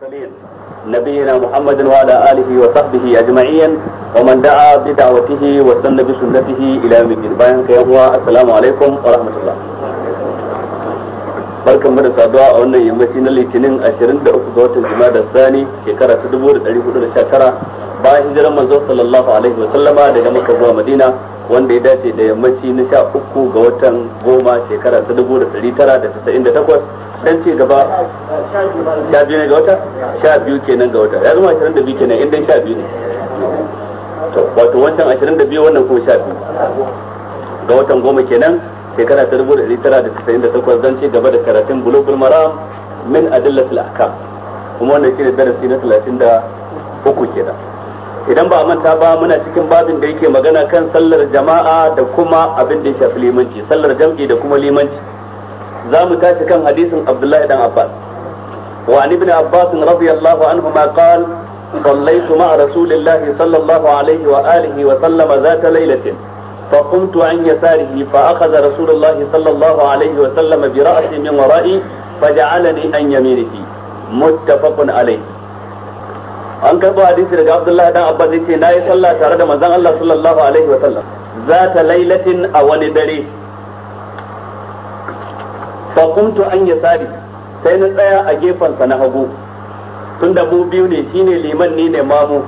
الخليل نبينا محمد وعلى اله وصحبه اجمعين ومن دعا بدعوته وسن بسنته الى يوم الدين بيان السلام عليكم ورحمه الله barkan da saduwa a wannan yammaci na litinin 23 ga watan da sani shekara ta 1419 bayan hijiran manzo sallallahu alaihi wa sallama daga makka zuwa madina wanda ya dace da yammaci na 13 ga watan goma shekara ta 1998 dan ce gaba sha biyu ne ga wata sha biyu kenan ga wata ya zama ashirin da biyu kenan in dai sha biyu ne wato wancan ashirin da biyu wannan kuma sha biyu ga watan goma kenan shekara ta dubu da ɗari tara da tasa'in da takwas zan ce gaba da karatun bulogul maram min adillatul ahkam kuma wannan da darasi na talatin da uku kenan idan ba a manta ba muna cikin babin da yake magana kan sallar jama'a da kuma abin da ya shafi limanci sallar jam'i da kuma limanci za mu tashi kan hadisin abdullahi dan abbas wa an ibn abbas radiyallahu anhu ma qal صليت مع رسول الله صلى الله عليه وآله وسلم ذات ليلة فقمت عن يساره فأخذ رسول الله صلى الله عليه وسلم برأسي من ورائي فجعلني عن يمينه متفق عليه an karɓo hadisi daga Abdullah dan Abbas yace nayi sallah tare da manzon Allah sallallahu alaihi wa sallam lailatin a wani dare fa qumtu an sai na tsaya a gefensa na hagu tun mu biyu ne shine liman ni ne mamu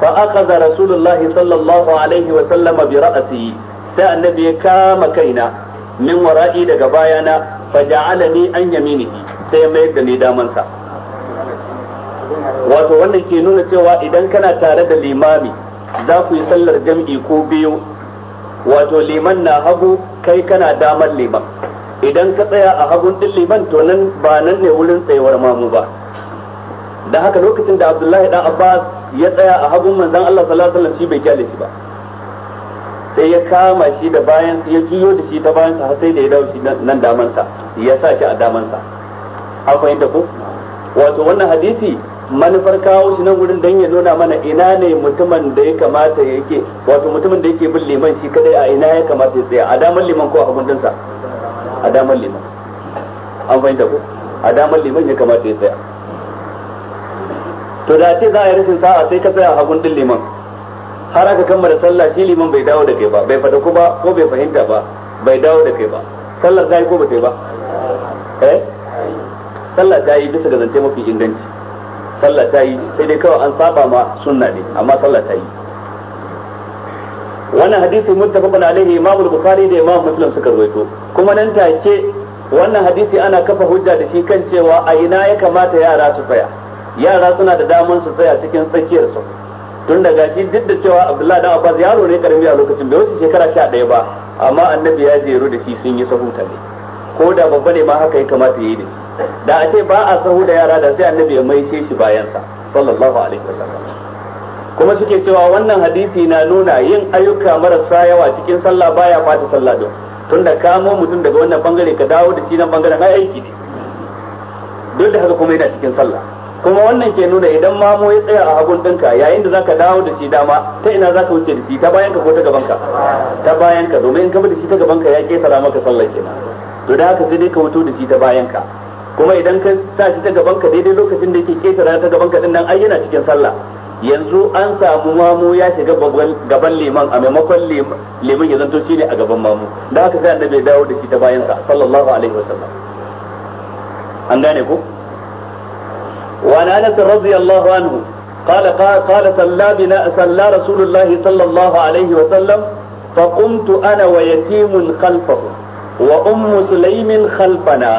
fa za rasulullahi sallallahu alaihi wa sallama bi ra'asi sai annabi ya kama kaina min wara'i daga bayana fa ni an yamini sai mai da ni damansa wato wannan ke nuna cewa idan kana tare da limami za ku yi sallar jam'i ko biyu wato liman na hagu kai kana damar liman idan ka tsaya a hagun din liman to nan ba nan ne wurin tsayuwar mamu ba da haka lokacin da Abdullahi dan Abbas ya tsaya a hagun manzon Allah sallallahu alaihi wasallam shi bai kyale shi ba sai ya kama shi da bayan ya juyo da shi ta bayan sa sai da ya dawo shi nan daman sa ya sa shi a daman sa an fahimta ko wato wannan hadisi manufar kawo shi nan gurin dan ya nuna mana ina ne mutumin da ya kamata yake wato mutumin da yake bin liman shi kadai a ina ya kamata ya tsaya a daman liman ko a hagun sa a damar liman an fahimta ko a damar liman ya kamata ya tsaya to da ce za a yi rashin sa'a sai ka tsaya a hagun din liman har aka kammala sallah shi liman bai dawo da kai ba bai fada ko ba ko bai fahimta ba bai dawo da kai ba sallar ta yi ko ba ta yi ba eh sallah ta yi bisa ga zance mafi inganci sallah ta yi sai dai kawai an saba ma sunna ne amma sallah ta yi wannan hadisi muttafaqun alaihi imam al-bukhari da imam muslim suka rawaito kuma nan take wannan hadisi ana kafa hujja da shi kan cewa a ina ya kamata yara su tsaya yara suna da daman su tsaya cikin tsakiyar su tun daga shi duk da cewa abdullahi dan abbas yaro ne karami a lokacin bai wuce shekara sha ba amma annabi ya jeru da shi sun yi sahu ne ko da babba ne ma haka ya kamata yi da shi da a ce ba a sahu da yara da sai annabi ya maishe shi bayansa sallallahu alaihi wasallam kuma suke cewa wannan hadisi na nuna yin ayyuka marasa yawa cikin sallah baya fata sallah din tunda kamo mutum daga wannan bangare ka dawo da shi nan bangaren ai aiki ne duk da haka kuma yana cikin sallah kuma wannan ke nuna idan mamo ya tsaya a hagun ɗinka yayin da zaka dawo da shi dama ta ina zaka wuce da shi ta bayan ka ko ta gaban ka ta bayan ka domin in ka da shi ta gaban ka ya ketara maka sallah kenan to da haka sai dai ka wuto da shi ta bayan ka kuma idan ka sa shi ta gaban ka daidai lokacin da yake ketara ta gaban ka din nan ai yana cikin sallah yanzu an samu mamu ya shiga gaban liman a maimakon liman ya zanto ne a gaban mamu da haka sai annabi ya dawo da shi ta bayan sa sallallahu alaihi wasallam an gane ku? wa anas radiyallahu anhu قال قال صلى بنا صلى رسول الله صلى الله عليه وسلم فقمت انا ويتيم خلفه وام سليم خلفنا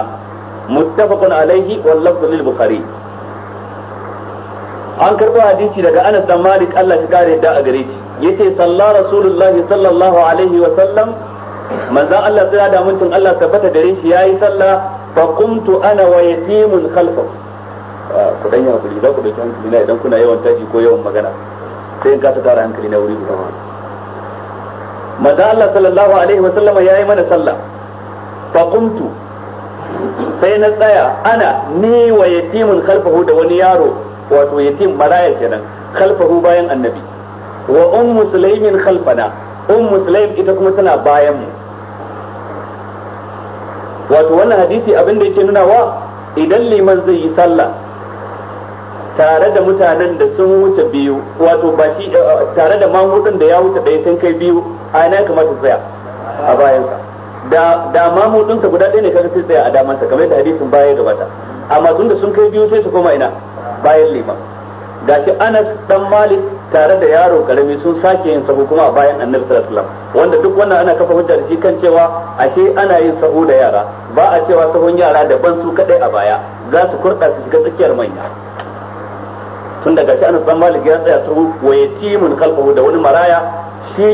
متفق عليه واللفظ للبخاري an karbo hadisi daga Anas dan Malik Allah ya kare da a gare shi yace sallallahu rasulullahi sallallahu alaihi wa sallam manzon Allah sai da mutun Allah tabbata gare shi yayi sallah fa qumtu ana wa yatimun khalfa ah, ku danya ku da za ku dauki hankali na idan kuna yawan taji ko yawan magana sai in ka tara hankali na wuri guda manzon Allah sallallahu alaihi wa sallam yayi mana sallah fa qumtu sai na tsaya ana ni wa yatimun khalfahu da wani yaro wato yatim maraya kenan khalfahu bayan annabi wa ummu sulaimin khalfana ummu sulaim ita kuma tana bayan mu wato wannan hadisi abin da yake nuna wa idan liman zai yi sallah tare da mutanen da sun wuce biyu wato ba shi eh, eh, tare da mamudin da ya wuce da sun kai biyu a ina ya kamata tsaya a bayansa da da mamudin ka guda ɗaya ne kaga sai tsaya a damansa kamar yadda hadisin baya gabata amma tun da sun kai biyu sai su koma ina bayan liman gashi Anas dan Malik tare da yaro karami sun sake yin sahu kuma a bayan Annabi sallallahu alaihi wasallam wanda duk wannan ana kafa hujja da shi kan cewa ashe ana yin sahu da yara ba a cewa sahun yara daban su kadai a baya za su kurda su shiga tsakiyar manya tun daga shi Anas dan Malik ya tsaya sahu wa yatimun kalfahu da wani maraya shi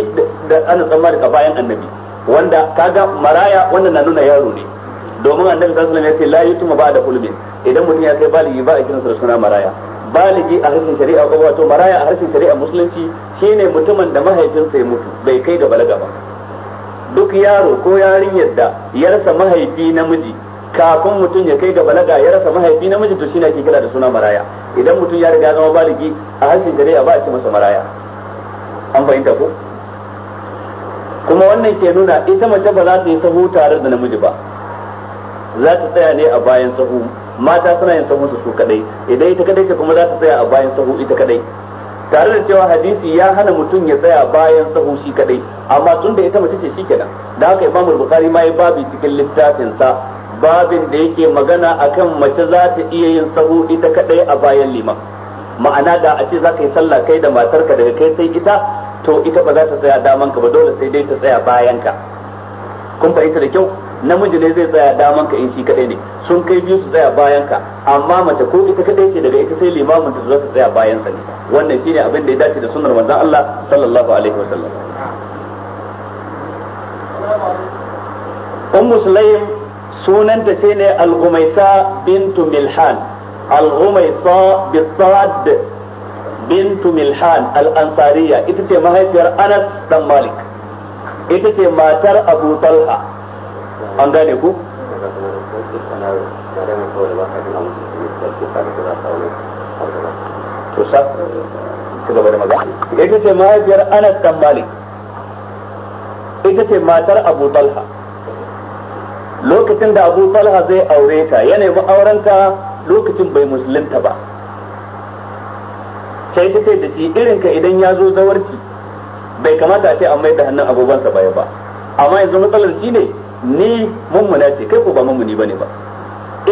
da Anas dan Malik a bayan Annabi wanda kaga maraya wannan na nuna yaro ne domin annabi sallallahu alaihi ya ce la yutuma bada da hulbin idan mutum ya kai baligi ba a kiransa da suna maraya baligi a harshen shari'a ko wato maraya a harshen shari'a musulunci shine mutumin da mahaifinsa ya mutu bai kai ga balaga ba duk yaro ko yarinyar da ya rasa mahaifi namiji kafin mutum ya kai ga balaga ya rasa mahaifi namiji to shine ake kira da suna maraya idan mutum ya riga ya zama baligi a harshen shari'a ba a ce masa maraya an fahimta ko kuma wannan ke nuna ita mace ba za ta yi sahu tare da namiji ba za ta tsaya ne a bayan sahu mata suna yin sahu su kadai idan ita kadai ce kuma za ta tsaya a bayan sahu ita kadai tare da cewa hadisi ya hana mutum ya tsaya bayan sahu shi kadai amma tun da ita mace ce shi kenan da haka imamul bukhari ma ya babi cikin littafin sa babin da yake magana akan mace za ta iya yin sahu ita kadai a bayan liman ma'ana da a ce za ka yi sallah kai da matarka daga kai sai ita to ita ba za ta tsaya daman ka ba dole sai dai ta tsaya bayan ka kun fahimta da kyau namiji ne zai tsaya daman ka in shi kadai ne sun kai biyu su tsaya bayan ka amma mace ko ita kadai ce daga ita sai limamin ta zo ta tsaya bayan sa ne wannan shine abin da ya dace da sunnar manzon Allah sallallahu alaihi wasallam ummu sulaim sunanta shine al umaysa bintu milhan al bi bintu milhan al-ansariya ita ce mahaifiyar Anas dan Malik ita ce matar Abu Talha an gane ku ita ce mahaifiyar Anas dan Malik ita ce matar Abu Talha lokacin da Abu Talha zai aure ta ya nemi aurenta lokacin bai musulunta ba sai ta ce da shi irinka idan ya zo zawarci bai kamata a ce an mai da hannun agogonsa baya ba amma yanzu matsalar shi ne ni mummuna ce kai ko ba mummuni bane ba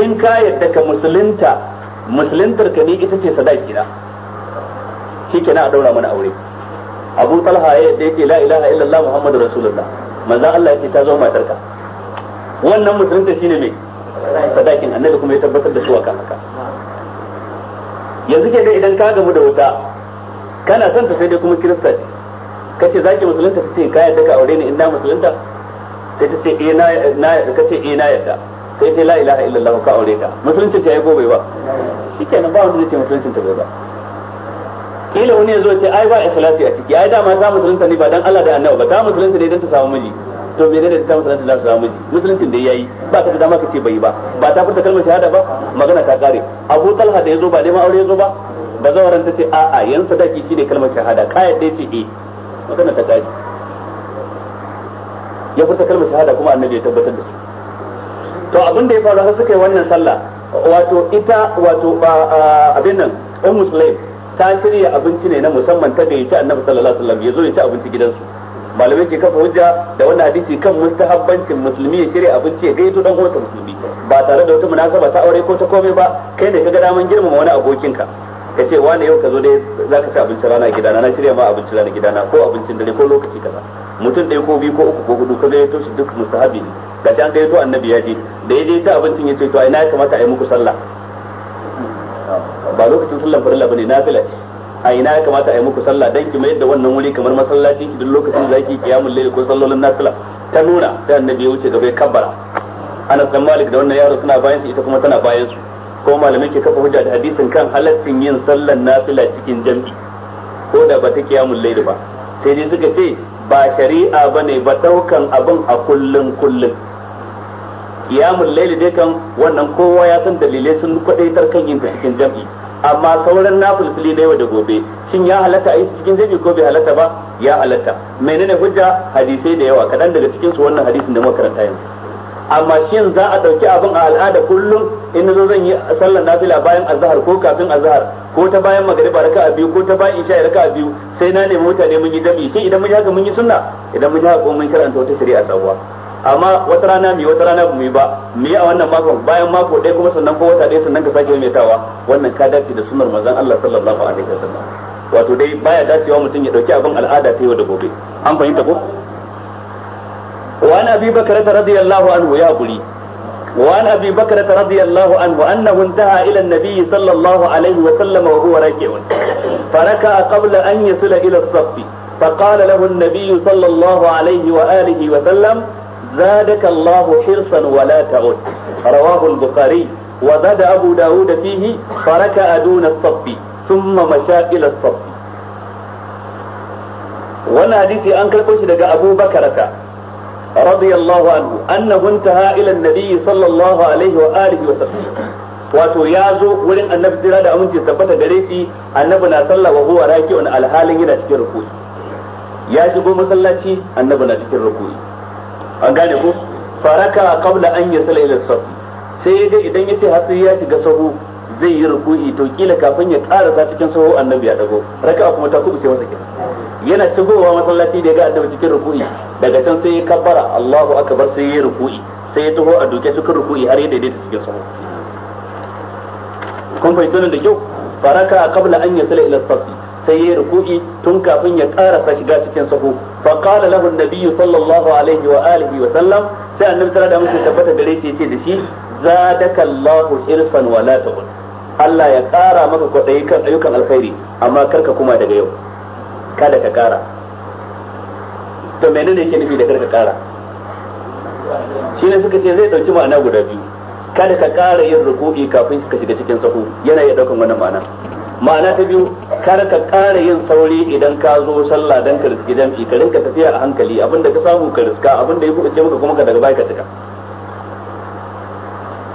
in ka yadda ka musulunta musuluntar ka ne ita ce sadaki na kenan a daura mana aure Abu Talha ya yadda yake la ilaha illallah Muhammadu Rasulullah manzon Allah yake ta zo matarka wannan musulunta shine me sadakin annabi kuma ya tabbatar da su akan haka yanzu ke da idan ka gamu da wuta kana son ta sai dai kuma kirista ce kace zaki musulunta ce ka yadda ka aure ni in na musulunta sai ta ce eh na na ka ce eh na yadda sai ta la ilaha illallah ka aure ta musulunci ta yi gobe ba shikenan ba wanda zai ce musulunci ta ba kila wani ya zo ce ai ba ikhlasi a ciki ai dama za musulunta ne ba dan Allah da annabi ba ta musulunta ne dan ta samu miji to me ne da ta musulunta za ta samu miji musuluncin da yayi ba ta da dama kace bai ba ba ta furta kalmar shahada ba magana ta kare Abu Talha da yazo ba dai ma aure yazo ba bazawaran ta ce a'a yan sadaki ne kalmar shahada kayat dai ce eh magana ta kare ya furta kalmar shahada kuma annabi ya tabbatar da su to abin da ya faru har suka yi wannan sallah wato ita wato abin nan ɗan umm sulaim ta shirya abinci ne na musamman ta ci annabi sallallahu alaihi wasallam ya zo ya ci abinci gidansu malamai ke kafa hujja da wannan hadisi kan mustahabbancin musulmi ya shirya abinci ya gaito dan uwansa musulmi ba tare da wata munasaba ta aure ko ta komai ba kai ne ka ga daman girmama wani abokinka ka ce wani yau ka zo dai zaka ci abinci rana gidana na shirya ma abinci rana gidana ko abincin dare ko lokaci kaza mutum ɗaya ko biyu ko uku ko hudu ka gayyato su duk mustahabi ne ga shi an gayyato annabi ya je da ya je ta abincin ya ce to ai na ya kamata a yi muku sallah ba lokacin sallan farilla bane fila ce a ina ya kamata a yi muku sallah dan ki mayar da wannan wuri kamar masallaci ki duk lokacin da zaki kiyamul layl ko sallolin nafila ta nuna sai annabi ya wuce gaba ya kabbara ana san Malik da wannan yaro suna bayan su ita kuma tana bayan su ko malamai ke kafa hujja da hadisin kan halaccin yin sallan nafila cikin jami'i ko da ba ta kiyamul layl ba sai dai suka ce ba shari'a bane ba daukan abin a kullun kullun qiyamul layli dai kan wannan kowa ya san dalilai sun kwadaitar kan yin ta cikin jam'i amma sauran nafilfili da yau da gobe shin ya halatta a yi cikin jam'i ko bai halatta ba ya halatta menene hujja hadisai da yawa kadan daga cikin wannan hadisin da muka karanta yanzu amma shin za a ɗauki abin a al'ada kullum in zo zan yi sallar nafila bayan azhar ko kafin azhar ko ta bayan magrib raka a biyu ko ta bayan isha raka a biyu sai na nemi mutane mun yi dami sai idan mun haka mun yi sunna idan mun haka haka mun karanta wata shari'a sabuwa amma wata rana mu wata rana mu ba mu a wannan makon bayan mako ɗaya kuma sannan ko wata ɗaya sannan ka sake maimaitawa wannan ka dace da sunnar manzon Allah sallallahu alaihi wasallam wato dai baya dacewa mutum ya dauki abin al'ada ta yau da gobe an fahimta ko وعن أبي بكرة رضي الله عنه يا بني وعن أبي بكرة رضي الله عنه أنه انتهى إلى النبي صلى الله عليه وسلم وهو راكع فركع قبل أن يصل إلى الصف فقال له النبي صلى الله عليه وآله وسلم زادك الله حرصا ولا تعد رواه البخاري وزاد أبو داود فيه فركع دون الصف ثم مشى إلى الصف وانا حديثي أنكر كوش أبو بكرة رضي الله عنه أنه انتهى إلى النبي صلى الله عليه وآله وسلم wato ya zo wurin annabi jira da aminci tabbata gare shi annabi na sallah wa huwa raki'un alhalin yana cikin rukuyi ya shigo masallaci annabi na cikin rukuyi an gane ko faraka qabla an yasala ila saf sai ga idan yace har sai ya shiga sahu zai yi ruku'i to kila kafin ya za cikin sahu annabi ya dago raka'a kuma ta kubuce masa kenan yana shigowa masallaci da ya ga annabi cikin ruku'i daga can sai ya kabbara Allahu akbar sai ya ruku'i sai ya taho a duke cikin ruku'i har ya daidaita cikin sahu kun fahimta nan da kyau faraka qabla an yasala ila safi sai ya ruku'i tun kafin ya sa shiga cikin sahu fa qala lahu an-nabiy sallallahu alaihi wa alihi wa sallam sai annabi sallallahu alaihi wa sallam tabbata gare shi yace da shi zadaka Allahu irfan wa la taqul Allah ya ƙara maka kwaɗayi kan ayyukan alkhairi amma kar ka kuma daga yau kada ka ƙara to menene yake nufi da kar ka ƙara shi ne suka ce zai ɗauki ma'ana guda biyu kada ka ƙara yin ruku'i kafin ka shiga cikin sahu yana iya ɗaukan wannan ma'ana ma'ana ta biyu kar ka ƙara yin sauri idan ka zo sallah dan ka riski jam'i ka rinka tafiya a hankali abinda ka samu ka riska abinda ya kuɓuce maka kuma ka daga baya ka cika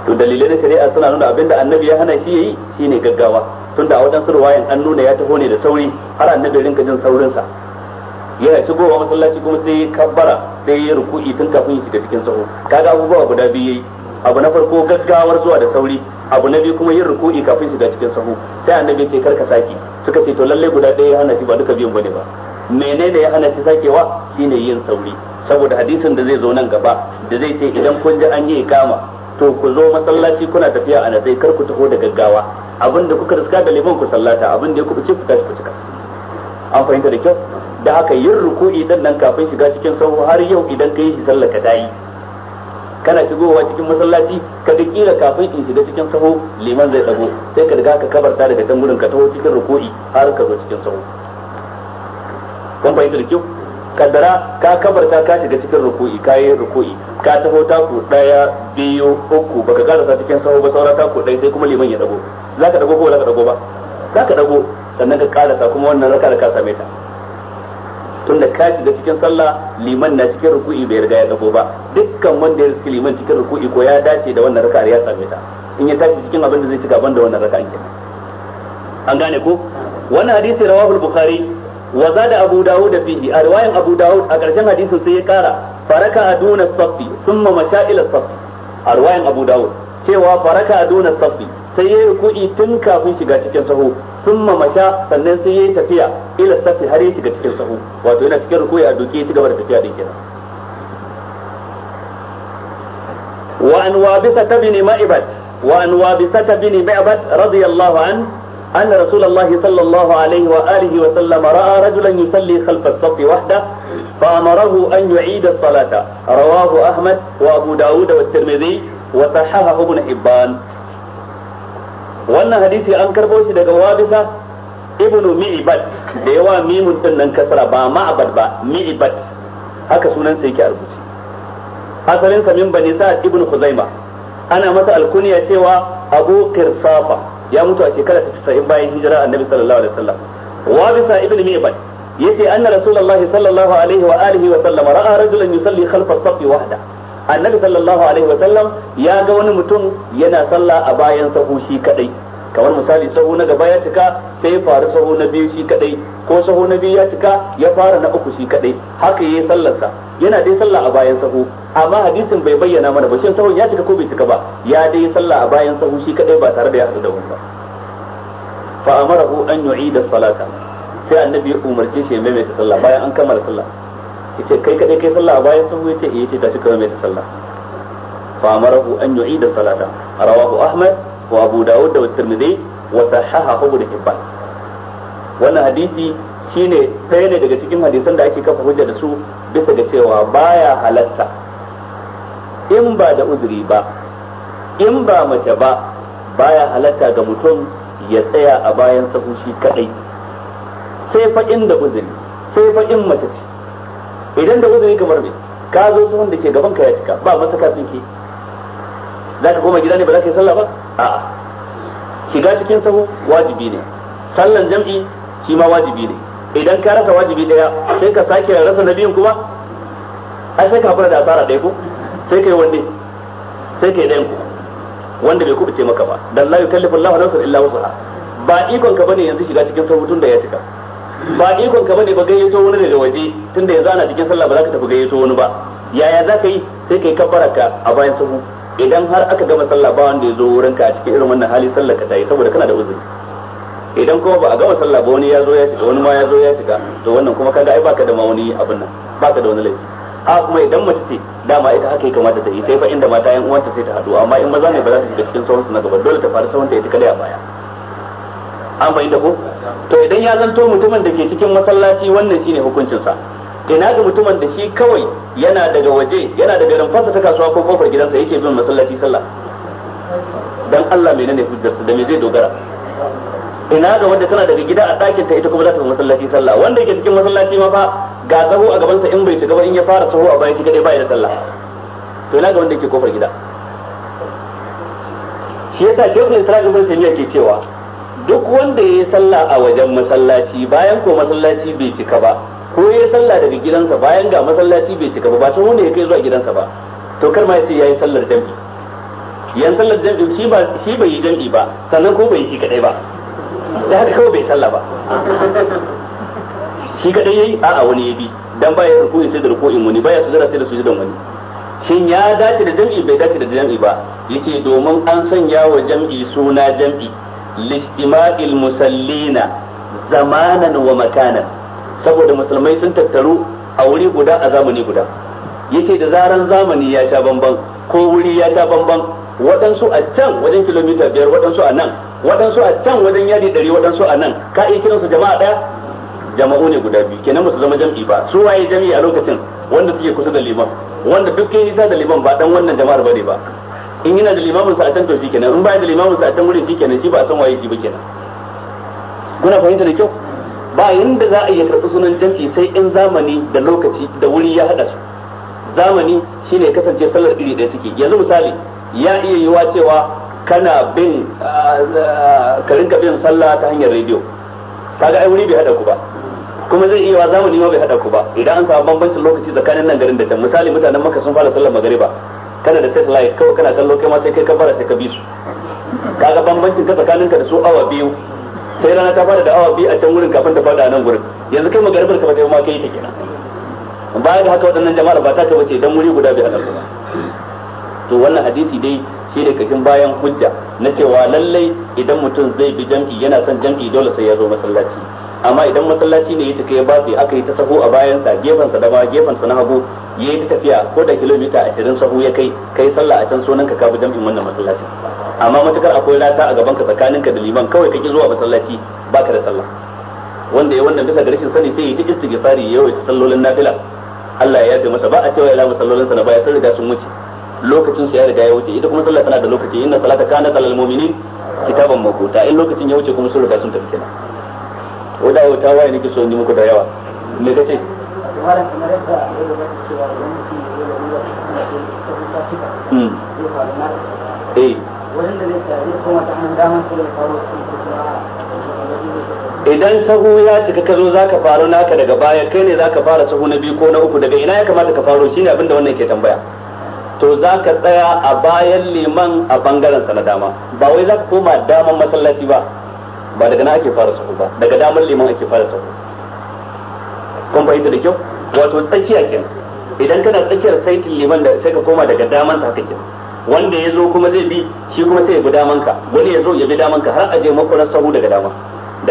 to dalilai na shari'a suna nuna abinda annabi ya hana shi yayi shine gaggawa tunda a wajen ruwayan an nuna ya taho ne da sauri har annabi rinka jin saurin sa yana shigowa masallaci kuma sai kabbara sai ya ruku'i tun kafin ya shiga cikin sahu kaga abubuwa guda biyu yayi abu na farko gaggawar zuwa da sauri abu na biyu kuma yin ruku'i kafin shiga cikin sahu sai annabi ce karka saki suka ce to lalle guda ɗaya ya hana shi ba duka biyun bane ba menene ya hana shi sakewa shine yin sauri saboda hadisin da zai zo nan gaba da zai ce idan kun ji an yi kama. to ku zo masallaci kuna tafiya a nazai kar ku taho da gaggawa abinda kuka riska da liman ku sallata abinda ya kubuce ku tashi ku cika an fahimta da kyau da haka yin ruku'i dan nan kafin shiga cikin sahu har yau idan kai shi sallar ka dai kana shigowa cikin masallaci ka da kira kafin in shiga cikin sahu liman zai dago sai ka riga ka kabarta daga can gurin ka taho cikin ruku'i har ka zo cikin sahu kun fahimta da kyau kaddara ka kabarta ka shiga cikin ruku'i ka yi ruku'i ka taho taku daya biyu uku baka karasa cikin sahu ba saura taku ɗaya sai kuma liman ya dago za ka dago ko ka dago ba za ka dago sannan ka karasa kuma wannan raka da ka same ta tunda ka shiga cikin sallah liman na cikin ruku'i bai riga ya dago ba dukkan wanda ya riski liman cikin ruku'i ko ya dace da wannan raka ya same ta in ya tashi cikin abin da zai ci gaban da wannan raka an an gane ko wannan hadisi al bukhari wa zada abu da fihi a riwayan abu dawo a karshen hadisin sai ya kara faraka aduna safi thumma ila safi a riwayan abu dawo cewa faraka aduna safi sai ya kuɗi tun kafin shiga cikin sahu thumma masha sannan sai ya tafiya ila safi har ya shiga cikin sahu wato yana cikin ruku'i a duke ya ci gaba da tafiya din kenan wa an wabisa tabni ma'ibad wa an wabisa tabni ma'ibad radiyallahu anhu أن رسول الله صلى الله عليه وآله وسلم رأى رجلا يصلي خلف الصف وحده فأمره أن يعيد الصلاة رواه أحمد وأبو داود والترمذي وصححه ابن حبان wannan hadisi an karbo shi daga wabisa ibnu mi'bad da yawa mimun din nan kasara ba ma'bad ba mi'bad haka sunan sa yake a rubuce asalin sa min bani sa'ad ibnu khuzaima ana masa alkunya cewa abu qirsafa ya mutu a shekara ta 90 bayan hijira annabi sallallahu alaihi wasallam wa bisa ibn mibad yace anna rasulullahi sallallahu alaihi wa alihi wa sallam ra'a rajulan yusalli khalfa as-saff wahda annabi sallallahu alaihi wa sallam ya ga wani mutum yana sallah a bayan sahu shi kadai kamar misali sahu na gaba ya cika sai ya faru sahu na biyu shi kadai ko sahu na biyu ya cika ya fara na uku shi kadai haka yayi sallarsa yana dai sallah a bayan sahu amma hadisin bai bayyana mana ba shin sahun ya cika ko bai cika ba ya dai sallah a bayan sahu shi kadai ba tare da ya hadu da wani ba fa amarahu an yu'ida salata sai annabi ya umarce shi ya maimaita sallah bayan an kammala sallah yace kai kadai kai sallah a bayan sahu yace eh yace tashi ka maimaita sallah fa amarahu an yu'ida salata rawahu ahmad wa abu daud da tirmidhi wa sahahahu ibn hibban wannan hadisi shine ɗaya ne daga cikin hadisan da ake kafa hujja da su bisa ga cewa baya halatta in ba da uzuri ba in ba mace ba baya halatta ga mutum ya tsaya a bayan sahu shi kadai sai fa inda uzuri sai fa in mace ce idan da uzuri kamar me ka zo tuhun da ke gaban ka ya cika ba masa kafin ke. za ka koma gida ne ba za ka yi sallah ba a'a shiga cikin sahu wajibi ne sallan jam'i shi ma wajibi ne idan ka rasa wajibi daya sai ka sake rasa na biyun kuma ai sai ka fara da asara daya ko sai kai wanne sai kai dayan ku wanda bai kubuce maka ba dan la yukallifu Allahu nafsan illa wusaha ba ikon ka bane yanzu shiga cikin tun da ya cika ba ikon ka bane ba gayyato wani daga waje tunda yanzu ana cikin sallah ba za ka tafi gayyato wani ba yaya za ka yi sai ka yi kabbara ka a bayan sahu idan har aka gama sallah ba wanda ya zo wurinka a cikin irin wannan hali sallah ka ta yi saboda kana da uzuri idan kuma ba a gama sallah ba wani ya zo ya shiga wani ma ya zo ya shiga to wannan kuma kaga ai baka da ma wani abin nan baka da wani laifi a kuma idan mace ce dama ita haka ya kamata ta yi sai fa inda mata yan uwanta sai ta hadu amma in maza ne ba za ta shiga cikin sauransu na gaba dole ta fara sauranta ita kada a baya an fahimta ko to idan ya zanto mutumin da ke cikin masallaci wannan shine hukuncinsa ina ga mutumin da shi kawai yana daga waje yana daga rumfarsa ta kasuwa ko kofar gidansa yake bin masallaci sallah dan Allah menene hujjarsa da me zai dogara ina ga wanda tana daga gida a ɗakin ta ita kuma za ta masallaci sallah wanda yake cikin masallaci ma fa ga tsaho a gabansa in bai shiga ba in ya fara tsaho a bayan shi kadai bai da sallah to ina ga wanda yake kofar gida shi yasa shekul islam ibn taymiya ke cewa duk wanda yayi sallah a wajen masallaci bayan ko masallaci bai cika ba ko yayi sallah daga gidansa bayan ga masallaci bai cika ba ba sai wanda ya kai zuwa gidansa ba to kar ma yace yayi sallar jami'i yan sallar jami'i shi ba shi bai yi jami'i ba sannan ko bai yi shi kadai ba da haka kawai bai sallah ba shi kadai yayi a'a wani ya bi dan baya ruku'in sai da in wani baya sujada sai da sujudan wani shin ya dace da jami'i bai dace da jami'i ba yace domin an sanya wa jami'i suna jam'i listima'il musallina zamanan wa makanan saboda musulmai sun tattaru a wuri guda a zamani guda yace da zaran zamani ya sha bamban ko wuri ya sha bamban waɗansu a can wajen kilomita biyar waɗansu a nan waɗansu a can wajen yadi ɗari waɗansu a nan ka iya kiransu jama'a ɗaya jama'u ne guda biyu kenan musu zama jam'i ba su waye jam'i a lokacin wanda suke kusa da liman wanda duk yayi nisa da liman ba dan wannan jama'ar ba ne ba in yana da limamin sa a can to shi kenan in ba da limamin sa a can wurin shi kenan shi ba a san waye shi ba kenan kuna fahimta da kyau ba yanda za a iya karɓi sunan jam'i sai in zamani da lokaci da wuri ya haɗa su zamani shine kasance sallar iri ɗaya take yanzu misali ya iya yiwa cewa kana bin ah, ah, ka rinka bin sallah ta hanyar rediyo kaga ai wuri bai hada ku ba kuma zai iya zamani ma bai hada ku ba idan an samu bambancin lokaci tsakanin nan garin da can misali mutanen maka sun fara sallar magariba kana da light kawai kana kallo kai ma sai kai ka fara sai ka bi su kaga bambancin ka tsakanin ka da su awa biyu sai rana ta fara da awa biyu a can wurin kafin ta fada a nan wurin yanzu kai magaribar ka ba kai ma kai ta kenan baya da haka waɗannan jama'a ba ta ka bace dan wuri guda bai hada ku ba to wannan hadisi dai shi da kashin bayan hujja na cewa lallai idan mutum zai bi jam'i yana son jam'i dole sai ya zo masallaci amma idan masallaci ne ya tafi ya batsi aka yi ta sahu a bayansa gefensa dama gefensa na hagu ya yi tafiya ko da kilomita ashirin sahu ya kai kai sallah a can sunan ka kabu jam'in wannan masallacin amma matukar akwai rata a gaban ka tsakaninka da liman kawai kake zuwa masallaci baka da sallah wanda ya wannan bisa ga rashin sani sai ya ta istighfari ya yawaita sallolin nafila Allah ya yafe masa ba a cewa ya lamu sa na baya sun riga sun wuce lokacin su ya riga ya wuce ita kuma sallah tana da lokaci inna salata kana salal mu'minin kitaban mabuta in lokacin ya wuce kuma sun riga sun tafi kenan ko da wata waye nake so ni muku da yawa me kace hmm. eh idan sahu ya cika ka zo zaka faro naka daga baya kai ne zaka fara sahu na biyu ko na uku daga ina ya kamata ka faro shine abinda wannan ke tambaya to za ka tsaya a bayan liman a bangaren sa na dama ba wai za ka koma daman masallaci ba ba daga na ake fara sahu ba daga daman liman ake fara sahu kun fahimta da kyau wato tsakiya kenan idan kana tsakiyar saitin liman da sai ka koma daga daman sa kake wanda ya zo kuma zai bi shi kuma sai ya bi daman ka wani ya zo ya bi daman ka har a je makonar sahu daga dama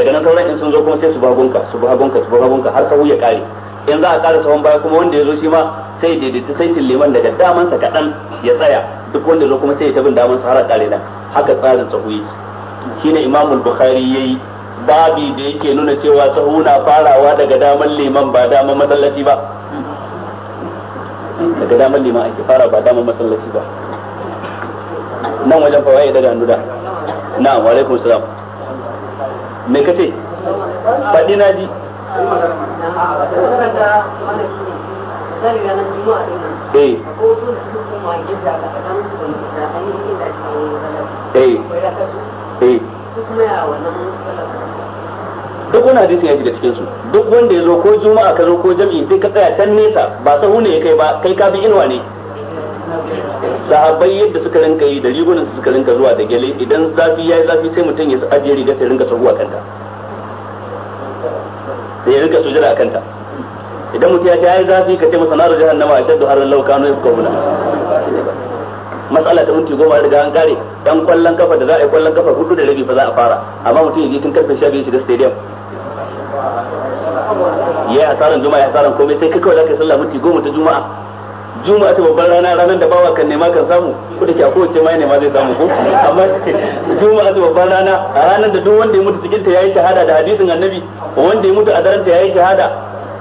daga nan sauran in sun zo kuma sai su bi hagunka su bi hagunka su bi hagunka har sahu ya kare in za a ƙara sahun baya kuma wanda ya zo shi ma sai daidaita sai liman daga damansa kaɗan ya tsaya duk wanda zo kuma sai ya tabin damansa har a ƙare nan haka tsarin sahu yake ne imamul bukhari yi babi da yake nuna cewa sahu na farawa daga daman liman ba daman masallaci ba daga daman liman ake fara ba daman masallaci ba nan wajen fawaye daga nuna. na wa alaikum salam me kace faɗi na ji Eh. Eh. Eh. duk wani hadisi ya shiga cikin su duk wanda ya zo ko juma'a ka zo ko jami'i sai ka tsaya can nesa ba sahu ne ya kai ba kai ka bi inuwa ne sahabbai yadda suka rinka yi da rigunan suka rinka zuwa da gele idan zafi ya yi zafi sai mutum ya ajiye riga sai rinka sahuwa a kanta sai ya rika sujada a kanta idan mutum ya ce yi zafi ka ce masa rajin jahannama a shaddu harin lauka no yafka huna matsala ta minti goma daga an kare dan kwallon kafa da za a yi kwallon kafa hudu da rabi fa za a fara amma mutum ya je tun karfe 12 shiga stadium ya yi asaran juma'a ya asaran komai sai kai kawai za ka yi sallah minti goma ta juma'a juma'a ta babban rana ranar da bawa kan nema kan samu ko da ke akwai ce mai nema zai samu ko amma juma'a ta babban rana a ranar da duk wanda ya mutu cikin ta yayi shahada da hadisin annabi wanda ya mutu a daren ta yayi shahada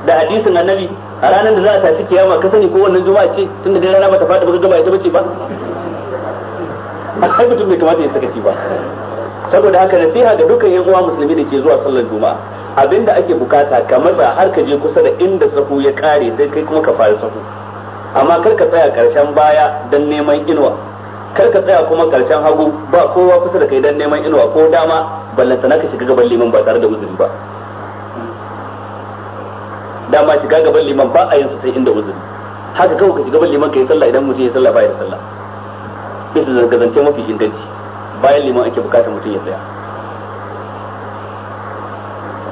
da hadisin annabi a ranar da za a tashi kiyama ka sani ko wannan juma'a ce tunda dai rana bata faɗi ba gaba ita bace ba a kai mutum bai kamata ya sakaci ba saboda haka nasiha ga dukkan yan uwa musulmi da ke zuwa sallar juma'a abinda ake bukata ka matsa har ka je kusa da inda sahu ya kare sai kai kuma ka fara sahu amma kar ka tsaya karshen baya dan neman inuwa kar ka tsaya kuma karshen hagu ba kowa kusa da kai dan neman inuwa ko dama ballanta naka shiga gaban liman ba tare da uzuri ba dama shiga gaban liman ba a yin su sai inda uzuri haka kawai ka shiga gaban liman kai sallah idan mutum ya sallah baya da sallah bisa zance mafi inganci bayan liman ake bukata mutum ya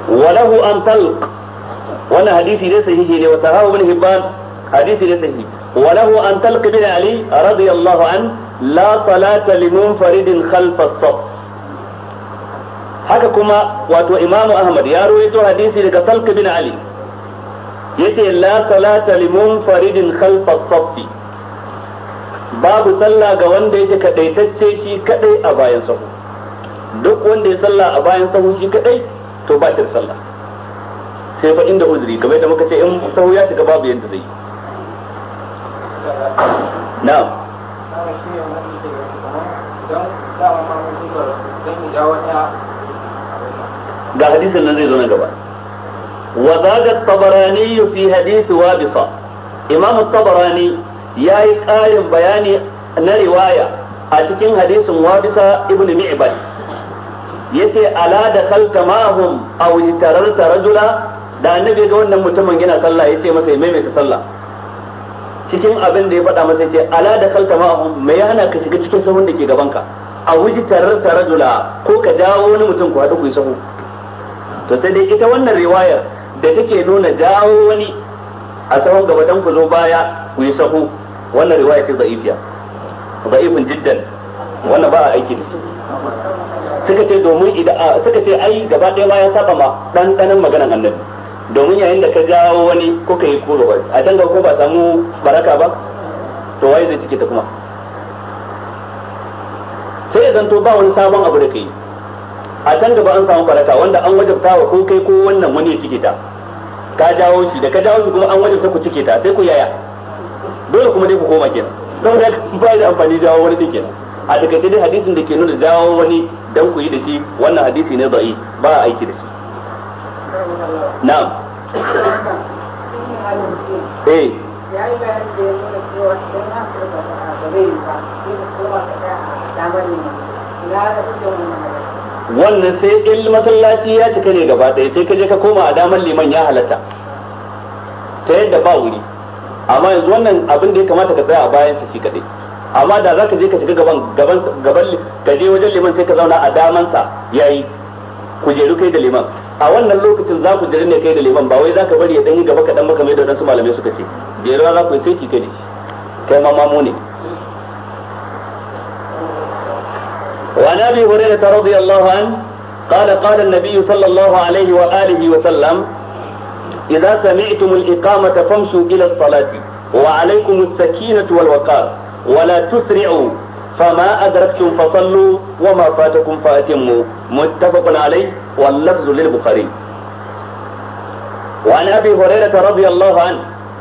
tsaya lahu an talq wannan hadisi ne sahihi ne wa sahabu ibn hibban hadisi ne sahihi wa lahu an talqi bin ali radiyallahu an la salata limunfaridin khalfa as-saf haka kuma wato imamu ahmad ya rawaito hadisi daga talqi bin ali yace la salata munfaridin khalfa as-saf babu sallah ga wanda yake kadaitacce shi kadai a bayan sahu duk wanda ya salla a bayan sahu shi kadai to ba shi sallah sai fa inda uzuri kamar yadda muka ce in sahu ya shiga babu yanda zai yi na'am ga hadisin nan zai zo na gaba wa zaga tabarani fi hadisi wabisa imam tabarani ya yi ƙarin bayani na riwaya a cikin hadisin wabisa ibn mi'bad yace ala da kalta ma'ahum aw tararta rajula da annabi ga wannan mutumin yana sallah yace masa ya maimaita sallah cikin abin da ya faɗa masa ce ala da kalta ma me ya hana ka shiga cikin sahun da ke gaban ka a wuji tarar tarajula ko ka jawo wani mutum ku haɗu ku yi sahu to sai dai ita wannan riwayar da take nuna jawo wani a sahun gaba dan ku zo baya ku yi sahu wannan riwaya ce da'ifiya da'ifin jiddan wannan ba a aiki da suka ce domin idan suka ce ai gaba ɗaya ma ya saba ma ɗanɗanon maganar annabi domin yayin da ka jawo wani ko ka yi ba a can ko ba samu baraka ba to wai zai cike ta kuma sai ya zanto ba wani sabon abu da kai a can gaba an samu baraka wanda an wajabta wa ko kai ko wannan wani ya cike ta ka jawo shi da ka jawo shi kuma an wajabta ku cike ta sai ku yaya dole kuma dai ku koma kenan don haka ba da amfani jawo wani din kenan a daga dai hadisin da ke nuna jawo wani dan ku yi da shi wannan hadisi ne da'i ba a aiki da shi na'am eh wannan sai il masallaci ya cika ne gaba ɗaya sai ka je ka koma a damar liman ya halatta ta yadda ba wuri amma yanzu wannan abin da ya kamata ka tsaya a bayan shi kaɗai amma da za ka je ka shiga gaban gaban gaban ka je wajen liman sai ka zauna a damansa yayi kujeru kai da liman a wannan lokacin za ku jirin ne kai da liman ba wai za ka bari ya dangi gaba kaɗan maka mai da wasu malamai suka ce jera za ku yi feki kai da kai ma mamu ne famsu ila as-salati wa alaykum as واللفظ للبخاري وعن ابي هريره رضي الله عنه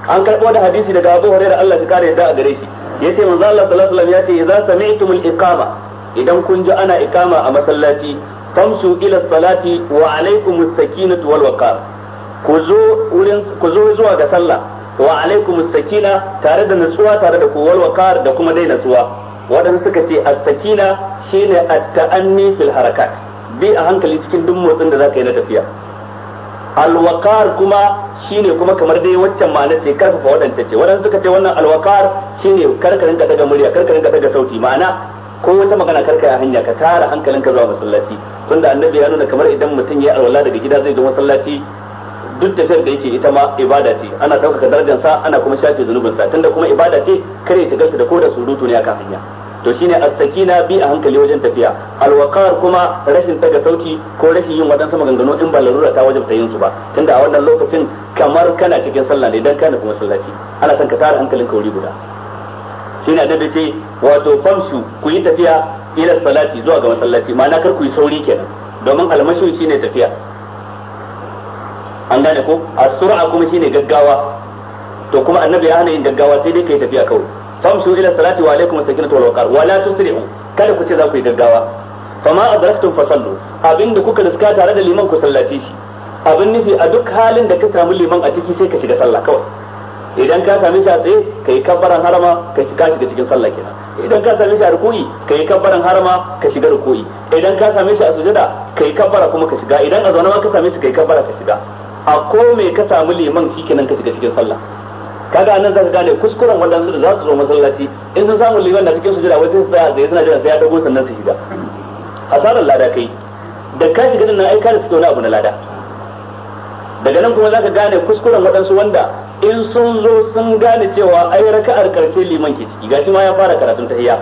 an karɓo da hadisi daga abu hurairah Allah ya kare da a gare shi yace manzo Allah ya ce wasallam yace idza sami'tum ikama. iqama idan kun ji ana ikama a masallaci famsu ila salati wa alaikum as-sakinatu ku zo wurin zuwa ga sallah wa alaikum as-sakina tare da nutsuwa tare da ku wal da kuma dai nutsuwa waɗanda suka ce as shine at-ta'anni fil harakat bi a hankali cikin duk motsin da zaka yi na tafiya alwakar kuma shine kuma kamar dai waccan ma'ana ce karfafa wadanta ce wadanda suka ce wannan alwakar shine karkarin ka daga murya karkarin ka daga sauti ma'ana ko wata magana karka hanya ka tara hankalinka zuwa masallaci tunda annabi ya nuna kamar idan mutum ya alwala daga gida zai zo masallaci duk tafiyar da yake ita ma ibada ce ana ɗaukaka darajarsa ana kuma shafe zunubinsa tunda kuma ibada ce kare shigarsa da ko da surutu ne akan hanya to shine as-sakina bi a hankali wajen tafiya al kuma rashin taga sauti ko rashin yin wadansu maganganu in ba larura ta wajen tayin su ba tunda a wannan lokacin kamar kana cikin sallah ne dan kana kuma sallaci ana son ka tara hankalin ka wuri guda shine annabi ce wato famsu ku yi tafiya ila salati zuwa ga masallaci ma'ana kar ku yi sauri kenan domin almashu shine tafiya an gane ko as-sur'a kuma shine gaggawa to kuma annabi ya hana yin gaggawa sai dai kai tafiya kawai famsu ila salati wa alaikum sakinatu wal waqar wa la tusri'u kada ku ce za ku yi gaggawa fa ma adraktum fasallu abinda kuka riska tare da liman ku sallace shi abin nufi a duk halin da ka samu liman a ciki sai ka shiga sallah kawai idan ka same shi a tsaye ka yi kabbaran harama ka shiga shiga cikin sallah kenan idan ka same shi a ruku'i ka yi kabbaran harama ka shiga ruku'i idan ka same shi a sujada ka yi kabbara kuma ka shiga idan a zaune ma ka same shi ka yi kabbara ka shiga a ko me ka samu liman shikenan ka shiga cikin sallah kaga za zaka gane kuskuren waɗansu da za su zo masallaci in sun samu liman na cikin sujada wajen su tsaya tsaye suna jira sai ya dago sannan su shiga hasaran lada kai da ka shiga nan ai ka da wani abu na lada daga nan kuma zaka gane kuskuren waɗansu wanda in sun zo sun gane cewa ai raka'ar karshe liman ke ciki gashi ma ya fara karatun tahiyya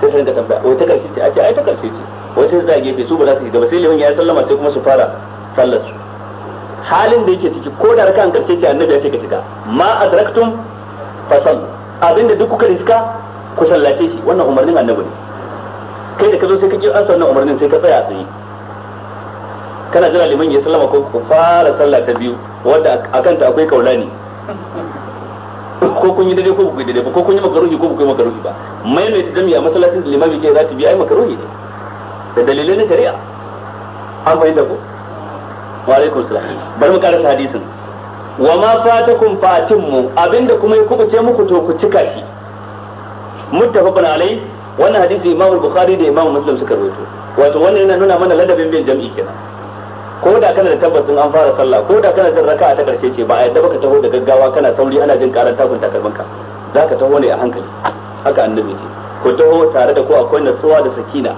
sai sai ka tabba wai ta karshe ce a ce ai ta karshe ce wai sai za a gefe su ba za su shiga ba sai liman ya sallama sai kuma su fara sallar su halin da yake ciki ko da an karshe ce annabi ya ce ka cika ma adraktum fasal abinda duk kuka riska ku sallace shi wannan umarnin annabi ne kai da ka zo sai ka ki ansa wannan umarnin sai ka tsaya tsaye kana jira liman ya sallama ko ku fara sallah ta biyu wanda akan ta akwai ne ko kun yi daidai ko kun yi daidai ba ko kun yi makaruhi ko kun yi makaruhi ba mai mai dami a masallacin limami ke za ta biya ai makaruhi ne da dalilai na shari'a an fahimta ko wa alaikum salam bari mu hadisin wa ma fatakum fatimmu abinda kuma ya kubuce muku to ku cika shi muttafaqun alai wannan hadisi Imam Bukhari da imamu Muslim suka rubuto wato wannan yana nuna mana ladabin bin jami'i kenan ko da kana da tabbacin an fara sallah ko da kana jin raka'a ta karshe ce ba a yadda baka taho da gaggawa kana sauri ana jin karar takun ka zaka taho ne a hankali haka annabi ce ko taho tare da ko akwai natsuwa da sakina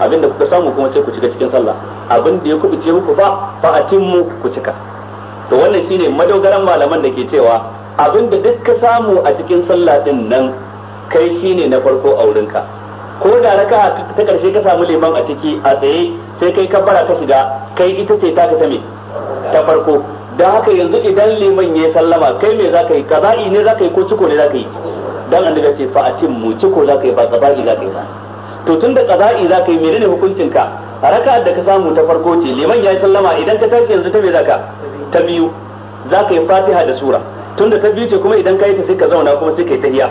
abin da kuka samu kuma ce ku shiga cikin sallah abin da ya kubuce muku ba fa mu ku cika to wannan shine madogaran malaman da ke cewa abin da duk ka samu a cikin sallah din nan kai shine na farko a wurin ka. ko da raka ta karshe ka samu liman a ciki a tsaye sai kai ka bara ka shiga kai ita ce taka ta me ta farko da haka yanzu idan liman ya sallama kai me za ka yi kaza'i ne za ka yi ko ciko ne za ka yi dan annabi ce fa a mu ciko za ka yi ba kaza'i za ka yi ba to tunda qada'i zaka yi menene hukuncin ka raka'a da ka samu ta farko ce liman ya sallama idan ka tashi yanzu ta me zaka ta biyu zaka yi Fatiha da sura tunda ta biyu ce kuma idan ka yi ta sai ka zauna kuma sai ka yi tahiya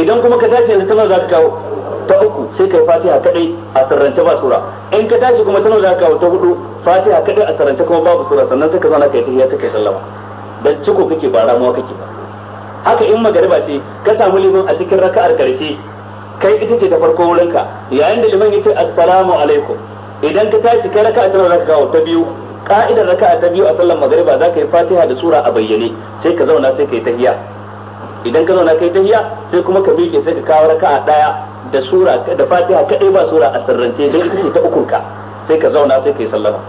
idan kuma ka tashi yanzu ta nawa zaka kawo ta uku sai ka yi Fatiha kadai a sirrance ba sura in ka tashi kuma ta nawa zaka kawo ta hudu Fatiha kadai a sirrance kuma babu sura sannan sai ka zauna ka yi tahiya sai ka yi sallama dan ciko kake ba ramuwa kake ba haka in magariba ce ka samu liman a cikin raka'ar karshe kai ita ce ta farko wurinka yayin da liman yace assalamu alaikum idan ka tashi kai raka'a tana raka'a ta biyu ka'idar raka'a ta biyu a sallar magriba za ka yi fatiha da sura a bayyane sai ka zauna sai ka yi tahiyya idan ka zauna kai tahiyya sai kuma ka miƙe sai ka kawo raka'a daya da sura da fatiha kadai ba sura a sirrance dai ita ce ta ka sai ka zauna sai ka yi sallama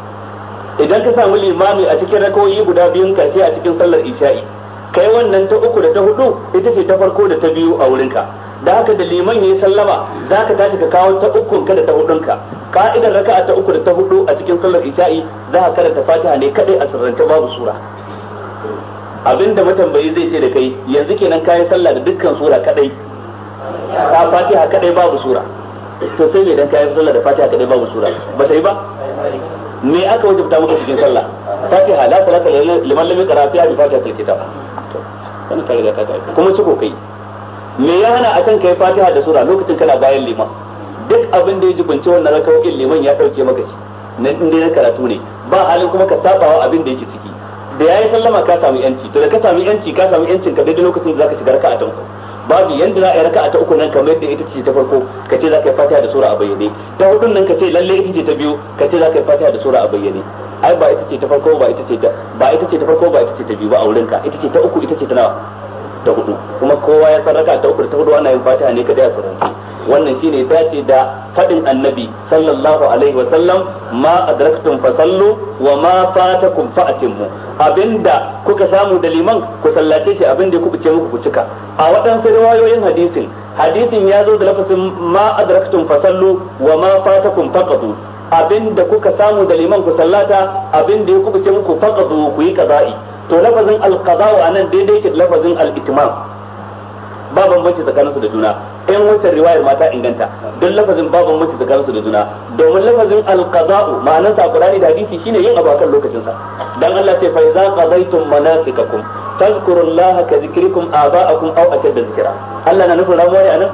idan ka samu limami a cikin rakawoyi guda biyun sai a cikin sallar isha'i kai wannan ta uku da ta hudu ita ce ta farko da ta biyu a wurinka da haka da liman yayi sallama zaka tashi ka kawo ta ukun ka da ta hudun ka ka'idar raka'a ta uku da ta hudu a cikin sallar isha'i za ka karanta fatiha ne kadai a sirrance babu sura abinda matambayi zai ce da kai yanzu kenan kayi sallah da dukkan sura kadai ta fatiha kadai babu sura to sai me dan kayi sallah da fatiha kadai babu sura ba sai ba me aka wajabta maka cikin sallah fatiha la salata liman lam yaqra fiha bi fatiha kitab kana ta riga ta kuma su kai me ya hana akan kai fatiha da sura lokacin kana bayan liman duk abin da ya jibinci wannan rakawoyin liman ya dauke maka shi na inda na karatu ne ba halin kuma ka sabawa abin da yake ciki da yayi sallama ka samu yanci to da ka samu yanci ka samu yancin ka daidai lokacin da zaka shiga raka'a ta uku babu yanda za a yi raka'a ta uku nan kamar yadda ita ce ta farko ka ce zaka yi fatiha da sura a bayyane ta hudu nan ka ce lalle ita ce ta biyu ka ce zaka yi fatiha da sura a bayyane ai ba ita ce ta farko ba ita ce ta ba ita ce ta farko ba ita ce ta biyu ba a wurinka ita ce ta uku ita ce ta nawa ta hudu kuma kowa ya san raka'a ta uku ta hudu ana yin fatiha ne kadai a surance wannan shine dace da fadin annabi sallallahu alaihi wa sallam ma adraktum fasallu wa ma fatakum atimmu abinda kuka samu da liman ku sallace shi abinda ya kubuce muku ku cika a waɗansu riwayoyin hadisin hadisin ya zo da lafazin ma adraktum fasallu wa ma fatakum faqadu abinda kuka samu da liman ku sallata abinda ya kubuce muku faqadu ku yi kaza'i to lafazin wa anan daidai ke lafazin al-itmam ba bambanci tsakaninsu da juna in wutar riwayar mata inganta don lafazin ba bambanci tsakaninsu da juna domin lafazin alqada'u ma'anar sa Qur'ani da hadisi shine yin abu akan lokacin sa dan Allah sai fa iza qadaytum manasikakum tazkurullaha ka zikrikum aba'akum aw ashadda zikra Allah na nufin ramuwa anan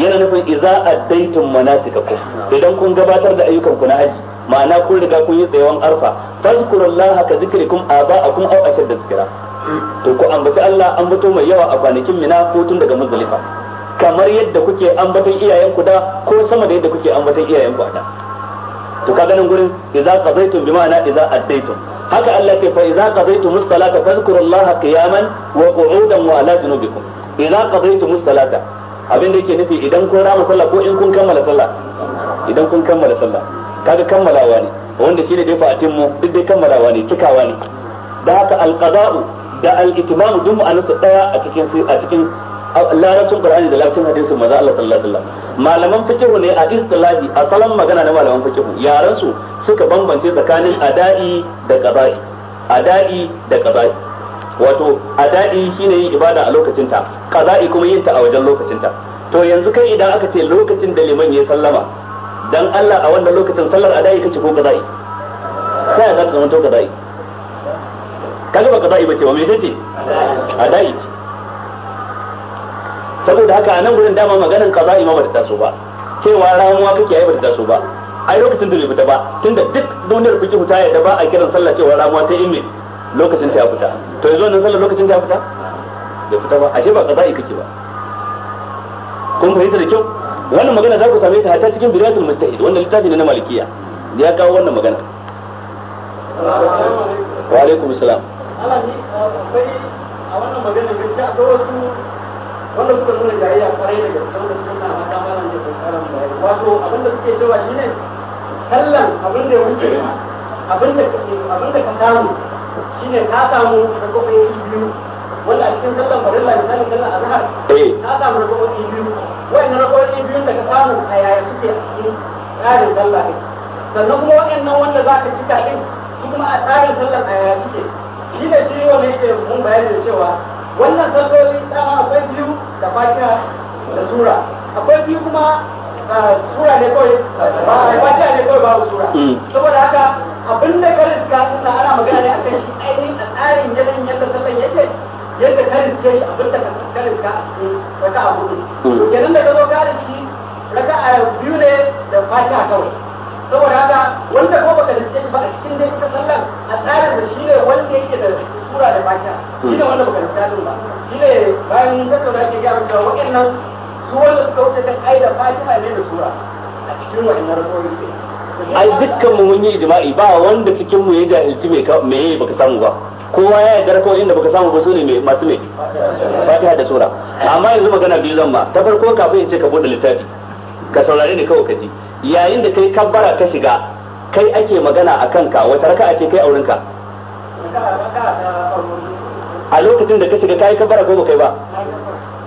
yana nufin iza addaytum manasikakum idan kun gabatar da ayyukan ku na haji ma'ana kun riga kun yi tsayawan arfa fazkurullaha ka zikrikum aba'akum aw ashad zikra to ku ambaci Allah an bato mai yawa a kwanakin mina ko tun daga muzdalifa kamar yadda kuke ambaton ku da ko sama da yadda kuke ambaton iyayenku a da to ka ganin gurin idza qadaytum bi ma'ana idza addaytum haka Allah ke fa idza qadaytum musallata fazkurullaha qiyaman wa qu'udan wa ala junubikum idza qadaytum musallata abin da yake nufi idan kun rama sallah ko in kun kammala sallah idan kun kammala sallah kaga kammalawa ne wanda shi ne dai fa'atin mu duk dai kammalawa ne cikawa ne da haka alqada'u da al-itmamu an ma'anarsa daya a cikin a cikin larabcin qur'ani da larabcin hadisin manzo Allah sallallahu alaihi wasallam malaman fiqhu ne a istilahi a salon magana na malaman fiqhu yaran su suka bambance tsakanin ada'i da qada'i ada'i da qada'i wato ada'i shine yin ibada a lokacin ta qada'i kuma yin ta a wajen lokacin ta to yanzu kai idan aka ce lokacin da liman ya sallama dan Allah a wannan lokacin sallar adai kace ko kaza'i sai za ka zama to kaza'i kaga ba kaza'i bace ba me kace adai saboda haka a nan gurin dama maganin kaza'i ma bata taso ba cewa ramuwa kake yi bata taso ba ai lokacin da bai fita ba tunda duk duniyar fiki huta ya da ba a kiran sallah cewa ramuwa ta imme lokacin ta ya fita to yanzu wannan sallar lokacin ta ya fita bai fita ba ashe ba kaza'i kake ba kun fahimta da kyau wannan magana za ku same ta hatta cikin bidayatul mustahid wannan littafi ne na malikiya ya kawo wannan magana wa alaikum salam ah, a wannan magana gaskiya akwai wasu wanda suka nuna jayayya kwarai da gaske wanda suka na mata malam da karan bayani wato abin da suke cewa shine sallan abin da ya wuce abin da abin da ka samu shine ka samu da kofin biyu wanda a cikin sallan farilla misalin sallan azhar eh. ka samu raka'o'i biyu wa'annan raka'o'i biyun da ka samu a yaya suke a cikin tsarin sallah ne sannan kuma wa'annan wanda za ka cika din su kuma a tsarin sallan a yaya suke shi da shi wanda yake mun bayani da cewa wannan salloli dama akwai biyu da fatiha da sura akwai biyu kuma sura ne kawai ba fatiha ne kawai babu sura hmm. saboda haka abin da ka riska ana magana ne akan shi ainihin a tsarin yanayin yadda yadda ka riske shi abin da ka a a cikin raka a hudu kenan da ka zo ka riski raka a biyu ne da fatiha kawai saboda haka wanda ko baka riske shi ba a cikin dai kuka sallar a tsarin da shi ne wanda yake da sura da fatiha shi ne wanda baka riske ba shi ne bayan tattauna ke gyara cewa waɗannan su wanda suka wuce kan ai da fatiha ne da sura a cikin waɗannan rakoyi ne ai dukkan mu mun yi ijma'i ba wanda cikin mu ya jahilci mai me baka samu ba kowa ya yarda ko inda baka samu ba su ne masu ne fatiha da sura amma yanzu magana biyu zan ba ta farko kafin in ce ka bude littafi ka saurare ni kawai ka ji yayin da kai kabbara ka shiga kai ake magana a kanka wata raka'a ce kai wurinka? a lokacin da ka shiga kai kabbara ko kai ba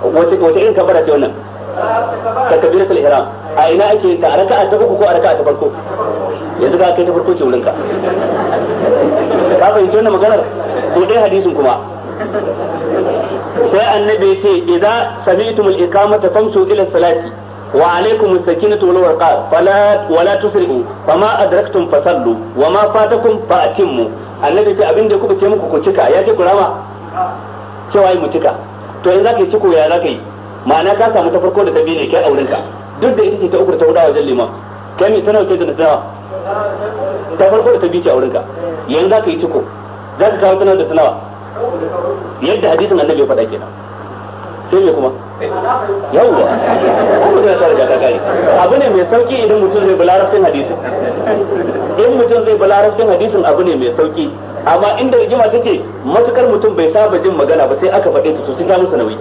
wace wace irin kabbara ce wannan takbiratul ihram a ina ake ta raka'a ta uku ko raka'a ta farko yanzu ka kai ta farko ce wurinka ka fahimci wannan maganar to dai hadisin kuma sai annabi yace idza sami'tumul iqamata famsu ila salati wa alaikum as-sakinatu wal warqa fala wala tusrifu ma adraktum fasallu ma fatakum fa'timmu annabi ce abinda da kuka ce muku ku cika ya ce ku rama cewa yi mu cika to yanzu zaka yi ciko ya zaka yi ma'ana ka samu ta farko da ta biyu ne kai aurinka duk da ita ce ta uku ta hudawa a wajen kai mai tana sai da nasara ta farko da ta bice a ka yanzu za ka yi ciko za ka kawo tana da sanawa yadda hadisin annabi ya faɗa kenan shirya kuma yawwa kuma da sarja ta kai abu ne mai sauki idan mutum zai bularafin hadisi in mutum zai bularafin hadisin abu ne mai sauki amma inda rigima take matukar mutum bai saba jin magana ba sai aka faɗe ta to sun musu nauyi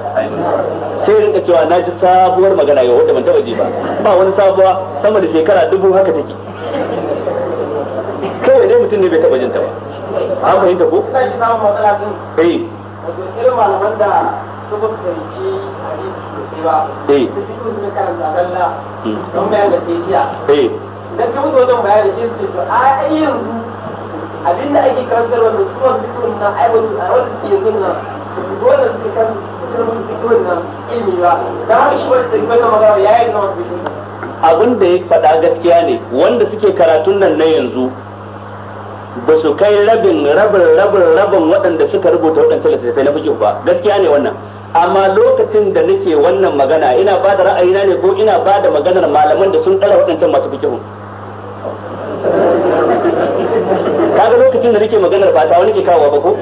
sai rinka cewa na ji sabuwar magana yau wadda ban taɓa ji ba ba wani sabuwa sama da shekara dubu haka take kawai dai mutum ne bai taɓa jin ta ba an fahimta ko? Eh. da mutu wajen bayan da su a abin da ake karantar wanda su na a wani su su su kan nan ba da haka shi wani magana ya yi abin da ya faɗa gaskiya ne wanda suke karatun nan na yanzu ba su kai rabin rabin rabin rabin waɗanda suka rubuta waɗancan littattafai na fikihu ba gaskiya ne wannan amma lokacin da nake wannan magana ina ba da ra'ayina ne ko ina ba da maganar malaman da sun ɗara waɗancan masu fikihun kaga lokacin da nake maganar ba ta wani ke kawo ba ko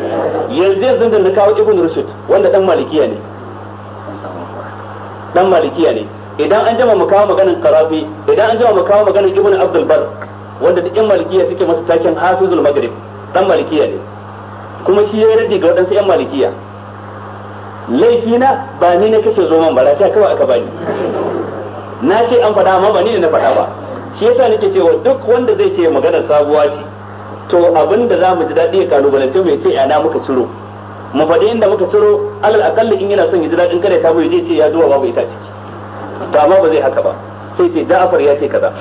yanzu yanzu da na kawo ibn rushd wanda dan malikiya ne dan malikiya ne idan an jama mu kawo maganar karafi idan an jama mu kawo maganar ibn abdul bar wanda duk yan malikiya suke masa taken hafizul maghrib dan malikiya ne kuma shi ya rage ga waɗansu yan malikiya laifi na ba ni na kashe zoman ba rafiya kawai aka bani na ce an faɗa amma ba ni na faɗa ba shi yasa nake cewa duk wanda zai ce magana sabuwa ce to abin da za mu ji daɗi ya kalubalance mai ce yana muka ciro mu faɗi inda muka ciro alal akalli in yana son ya ji daɗin kada ta bai zai ce ya zuwa babu ita ciki ba ma ba zai haka ba sai ce Ja'far ya ce kaza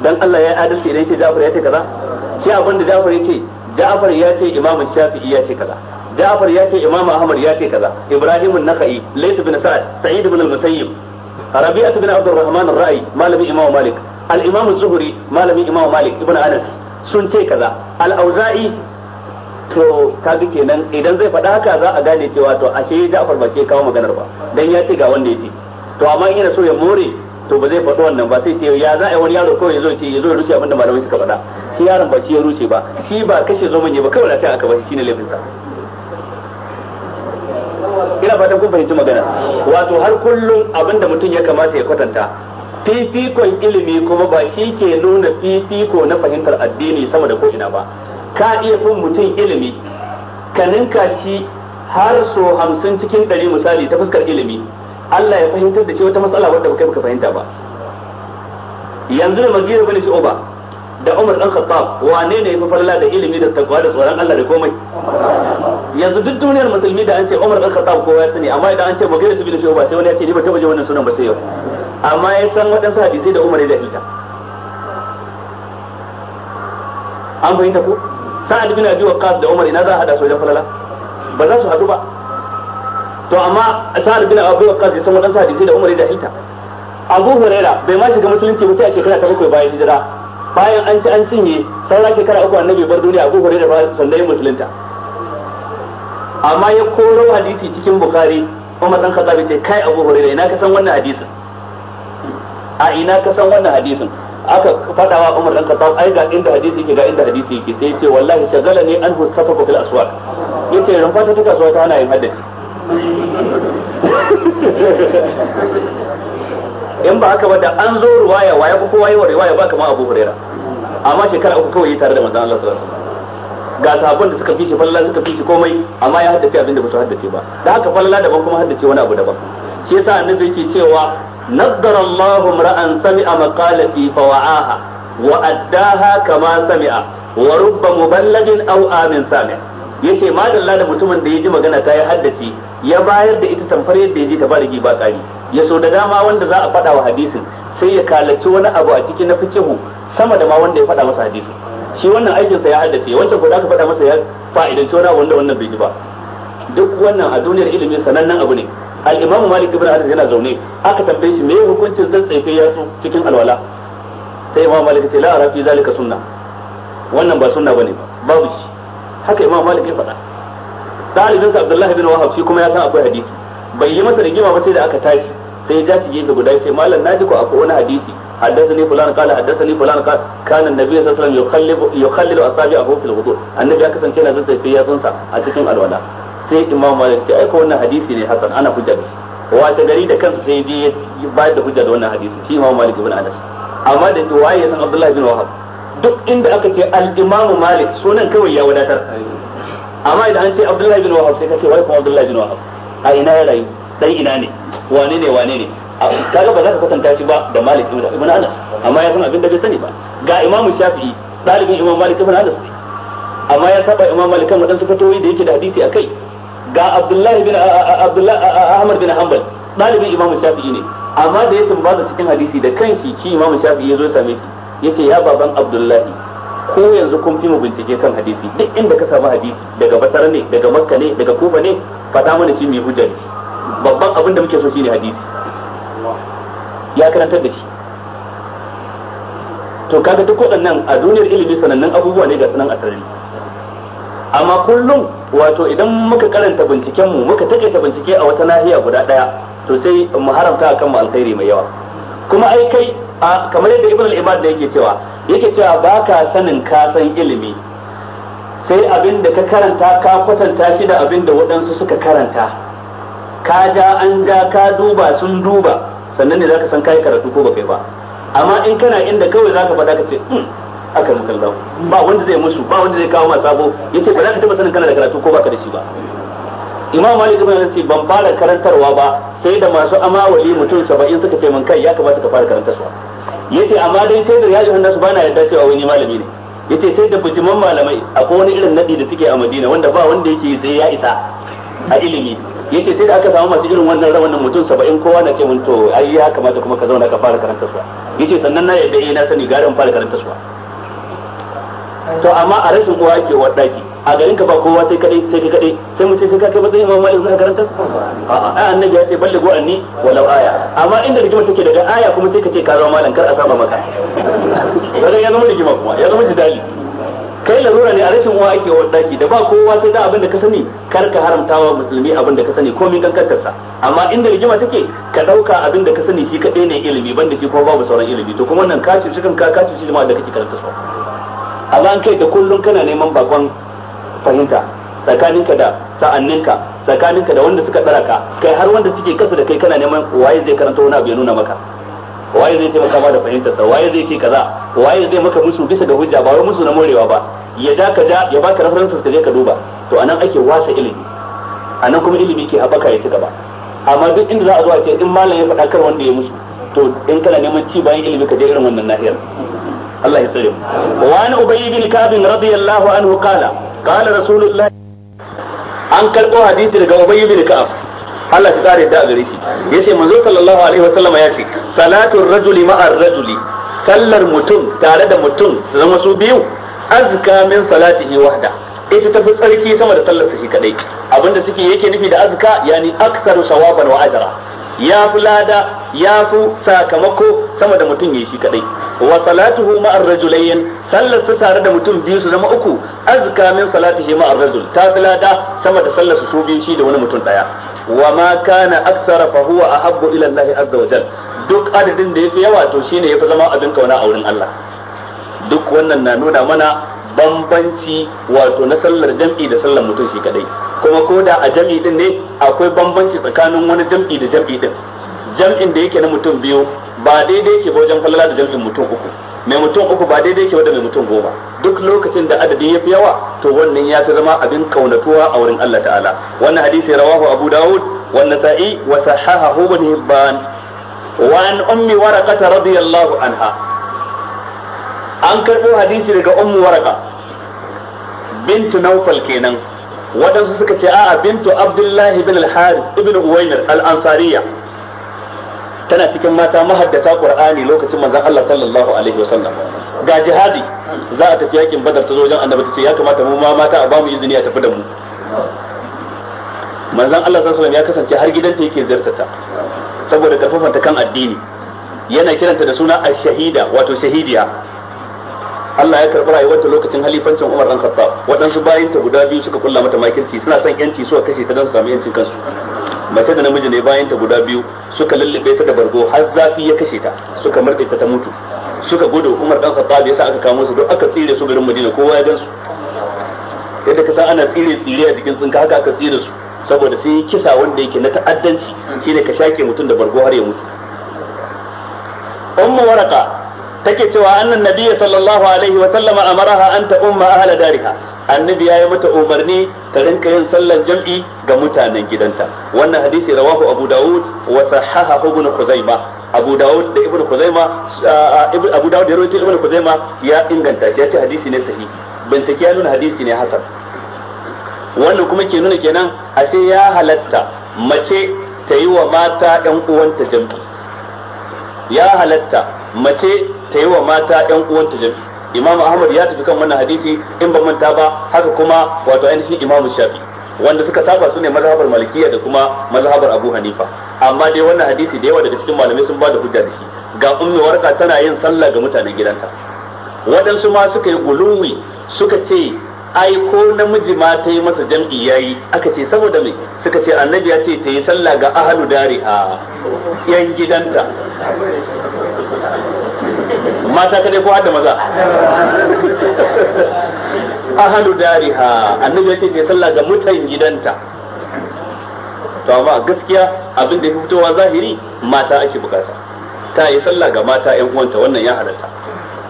dan Allah ya adalci idan ce Ja'far ya ce kaza sai abin da Ja'far ya ce Ja'far ya ce Imam Shafi'i ya ce kaza Ja'far ya ce Imam Ahmad ya ce kaza Ibrahim an-Nakhai Layth bin Sa'ad Sa'id bin al-Musayyib Rabi'ah bin Abdurrahman ar-Ra'i malami Imam Malik al-Imam az-Zuhri malami Imam Malik ibn Anas sun ce kaza al-Auza'i to kaga kenan idan zai faɗa haka za a gane cewa to ashe Ja'far ba ce kawo maganar ba dan ya ce ga wanda yake to amma in yana so ya more to ba zai faɗi wannan ba sai ce ya za a yi wani yaro kawai ya zo ce ya zo ya rushe abinda malamai suka faɗa shi yaron ba shi ya rushe ba shi ba kashe zo manye ba kawai lafiya aka ba shi laifin laifinsa ina fatan kun fahimci magana wato har kullum abinda mutum ya kamata ya kwatanta fifikon ilimi kuma ba shi ke nuna fifiko na fahimtar addini sama da ko'ina ba ka iya fin mutum ilimi ka ninka shi har so hamsin cikin ɗari misali ta fuskar ilimi Allah ya fahimtar da shi wata matsala wadda kai baka fahimta ba yanzu da magira bane shi oba da Umar dan Khattab wane ne yafi falala da ilimi da takwa da tsoron Allah da komai yanzu duk duniyar musulmi da an ce Umar dan Khattab kowa ya sani amma idan an ce su bi da shi ba sai wani ya ce ni ba taba je wannan sunan ba sai yau amma ya san waɗansu hadisai da Umar ya ta. an fahimta ko sa'ad bin Abi Waqqas da Umar ina za a hada su falala ba za su hadu ba to amma sa'ad bin Abi Waqqas ya san waɗansu hadisai da Umar ya ta. Abu Huraira bai ma shiga musulunci ba sai a shekara ta bakwai bayan hijira bayan an ci an cinye sauran shekara uku annabi bar duniya a hore da sannan musulunta amma ya koro hadisi cikin bukhari umar dan kaza ce kai abu hore da ina ka san wannan hadisin a ina ka san wannan hadisin aka fada wa umar dan kaza ai ga inda hadisi yake ga inda hadisi yake sai ce wallahi shagala ne an husafa fil aswaq yace rumfa ta kasuwa ta na yin haddace in ba haka ba da an zo ruwaya waya ko kowa yi wa ruwaya ba kamar Abu Huraira amma shekara uku kawai tare da manzon Allah sallallahu alaihi wasallam ga sabon da suka fi shi falla suka fi shi komai amma ya haddace abin da ba su haddace ba da haka falla daban kuma haddace wani abu daban shi yasa annabi yake cewa naddara Allahu ra'an sami'a maqalati fa wa'aha wa addaha kama sami'a wa rubba muballighin aw amin sami'a yake madalla da mutumin da ya ji magana ta ya haddace ya bayar da ita tamfar yadda ya ji ta ba rigi ba tsari ya so da dama wanda za a faɗa wa hadisin sai ya kalaci wani abu a cikin na fikihu sama da ma wanda ya fada masa hadisin shi wannan aikin sa ya haddace wancan ko da aka faɗa masa ya fa'idan cewa wanda wannan bai ji ba duk wannan a duniyar ilimi sanannen abu ne al-imam malik ibn anas yana zaune aka tambaye shi me hukuncin zan tsaife ya su cikin alwala sai imam malik ce la rafi zalika sunna wannan ba sunna bane babu shi haka imam malik ya faɗa dalibin sa abdullahi bin wahab shi kuma ya san akwai hadisi bai yi masa rigima ba sai da aka tashi sai ya ja shi gefe guda ya malam naji ko akwai wani hadisi حدثني فلان قال حدثني فلان قال كان النبي صلى الله عليه وسلم يخلل يخلل اصابعه في الوضوء النبي ya kasance yana zanta sai ya zanta a cikin alwala sai imam malik ce aika wannan hadisi ne hasan ana hujja da shi wata gari da kansa sai ya bayar da hujja da wannan hadisi shi imam malik ibn anas amma da duwaye san abdullahi bin wahab duk inda aka ce al-imamu malik sunan kawai ya wadatar amma idan an ce abdullahi bin wahab sai ka ce wai kuma abdullahi bin wahab a ina ya rayu sai ina ne wane ne wane ne kaga ba za ka kwatanta shi ba da malik ibn ibn anas amma ya san abin da bai sani ba ga imamu shafi'i dalibin imam malik ibn anas amma ya saba imam malik kan wadansu fatoyi da yake da hadisi akai ga abdullahi bin abdullahi ahmad bin hanbal dalibin imam shafi'i ne amma da ya tambata cikin hadisi da kanshi shi imam shafi'i ya zo same shi yace ya baban abdullahi ko yanzu kun fi mu bincike kan hadisi duk inda ka samu hadisi daga basar ne daga makka ne daga kufa ne fata mana shi mai hujja babban abin da muke so shine hadisi ya karantar da shi to kaga duk waɗannan a duniyar ilimi sanannun abubuwa ne ga sanan asali amma kullum wato idan muka karanta binciken mu muka taƙaita bincike a wata nahiya guda ɗaya, to sai mu haramta akan mu alkhairi mai yawa kuma ai kai a kamar yadda ibn al-ibad da yake cewa yake cewa baka sanin ka san ilimi sai abin da ka karanta ka kwatanta shi da abin da waɗansu suka karanta ka ja an ja ka duba sun duba sannan ne zaka san kai karatu ko baka ba amma in kana inda kawai zaka faɗa ka ce hmm, aka muka Allah ba wanda zai musu ba wanda zai kawo ma sabo yace ba za ka taba sanin kana da karatu ko baka da shi ba imam malik ibn anas ban fara karantarwa ba sai da masu amawali mutum 70 suka ce mun kai ya kamata ka fara karantarwa yace amma dai sai da yaji hannasu bana yadda cewa wani malami ne yace sai da bijiman malamai akwai wani irin nadi da suke a Madina wanda ba wanda yake sai ya isa a ilimi yace sai da aka samu masu irin wannan rawan nan mutum 70 kowa na ce mun to ai ya kamata kuma ka zauna ka fara karanta suwa yace sannan na yadda eh na sani garin fara karanta suwa to amma a rashin uwa ke wadaki a garin ka ba kowa sai kadai sai ka kadai sai mu ce sai ka kai matsayin Imam Malik zaka karanta a annabi ya ce ballago anni walau aya amma inda rigima take daga aya kuma sai ka ce ka zama malam kar a saba maka wannan ya zama rigima kuma ya zama jidali kai larura ne a rashin uwa ake wa daki da ba kowa sai da abin da ka sani kar ka haramta wa musulmi abin da ka sani komai kankantar sa amma inda rigima take ka dauka abin da ka sani shi kadai ne ilimi banda shi kuma babu sauran ilimi to kuma wannan ka shi kan ka ka shi jama'a da kake karanta su amma an kai da kullun kana neman bakon fahimta tsakaninka da sa'anninka tsakaninka da wanda suka tsara ka kai har wanda suke kasa da kai kana neman waye zai karanta wani abu ya nuna maka waye zai taimaka ma da fahimtar sa waye zai ce kaza waye zai maka musu bisa ga hujja ba wai musu na morewa ba ya ja ka ja ya baka references ka je ka duba to anan ake wasa ilimi anan kuma ilimi ke haɓaka ya ci gaba amma duk inda za a zo a ce in malam ya faɗa kar wanda ya musu to in kana neman ci bayan ilimi ka je irin wannan nahiyar Allah ya tsare mu wa an ubayy bin kabin radiyallahu anhu qala qala rasulullahi an karɓo hadisi daga ubay bin ka'ab Allah ya kare da gare shi yace manzo sallallahu alaihi wasallam ya ce salatu rajuli ma'ar rajuli sallar mutum tare da mutum su zama su biyu azka min salatihi wahda ita tafi tsarki sama da sallarsa shi kadai abinda suke yake nufi da azka yani aktsaru sawaban wa ajra ya fi lada ya fi sakamako sama da mutum yayi shi kaɗai. wa salatuhu ar rajulayn sallar su tare da mutum biyu su zama uku azka min salatihi ar rajul ta filada sama da sallar su su biyu shi da wani mutum daya wa ma kana aksara fa huwa ahabbu ila Allah azza wajal duk adadin da yafi yawa to shine yafi zama abin kauna a wurin Allah duk wannan na nuna mana bambanci wato na sallar jam'i da sallar mutum shi kadai kuma ko da a jam'i din ne akwai bambanci tsakanin wani jam'i da jam'i din jam'in da yake na mutum biyu ba daidai ke ba wajen falala da jam'in mutum uku mai mutum uku ba daidai ke da mai mutum goma duk lokacin da adadin ya fi yawa to wannan ya ta zama abin kaunatuwa a wurin Allah ta'ala wannan hadisi rawahu Abu Dawud wa Nasa'i wa sahahahu Ibn Hibban wa an ummi waraqata radiyallahu anha an karbo hadisi daga ummu waraqa bintu Nawfal kenan wadansu suka ce a'a bintu Abdullahi ibn al-Harith ibn Uwaynir al-Ansariya tana cikin mata mahaddata qur'ani lokacin manzon Allah sallallahu alaihi wasallam ga jihadi za a tafi yakin badar ta zo wajen annabi ta ya kamata mu ma mata a ba mu izini a tafi da mu manzon Allah sallallahu alaihi ya kasance har gidanta yake zartata saboda karfafanta kan addini yana kiranta da suna ash-shahida wato shahidiya Allah ya karɓi rayuwarta lokacin halifancin Umar dan Khattab waɗansu bayin ta guda biyu suka kulla mata makirci suna son yanci suka kashe ta don su samu yancin kansu mace da namiji ne bayan ta guda biyu suka lullube ta da bargo har zafi ya kashe ta suka murde ta ta mutu suka gudu Umar dan Khattab yasa aka kamo su duk aka tsire su garin Madina kowa ya gansu yadda ka san ana tsire tsire a jikin tsinka haka aka tsire su saboda sai kisa wanda yake na ta'addanci shine ka shake mutum da bargo har ya mutu Umma waraka take cewa annan nabiyyi sallallahu alaihi wa sallama amaraha an ta umma ahla dariha annabi ya yi mata umarni ta rinka yin sallar jam'i ga mutanen gidanta wannan hadisi rawahu abu dawud wa sahaha ibn kuzaima abu dawud da ibn kuzaima abu dawud da rawaito ibn kuzaima ya inganta shi yace hadisi ne sahihi bintake ya nuna hadisi ne hasan wannan kuma ke nuna kenan ashe ya halatta mace ta yi wa mata yan uwanta jam'i ya halatta mace ta yi wa mata yan uwanta jam'i imamu ahmad ya tafi kan wannan hadisi in ba manta ba haka kuma wato ainihin imamu shafi wanda suka saba su ne mazhabar malikiya da kuma mazhabar abu hanifa amma dai wannan hadisi da yawa daga cikin malamai sun bada hujja da shi ga ummi warka tana yin sallah ga mutanen gidanta waɗansu ma suka yi guluwi suka ce ai ko namiji ma ta yi masa jam'i yayi aka ce saboda me suka ce annabi ya ce ta yi sallah ga ahlu a yan gidanta mata kadai ko hadda maza ahalu dariha annabi yake ke sallah ga mutan gidanta to amma gaskiya abin da ya fitowa zahiri mata ake bukata ta yi sallah ga mata yan uwanta wannan ya halatta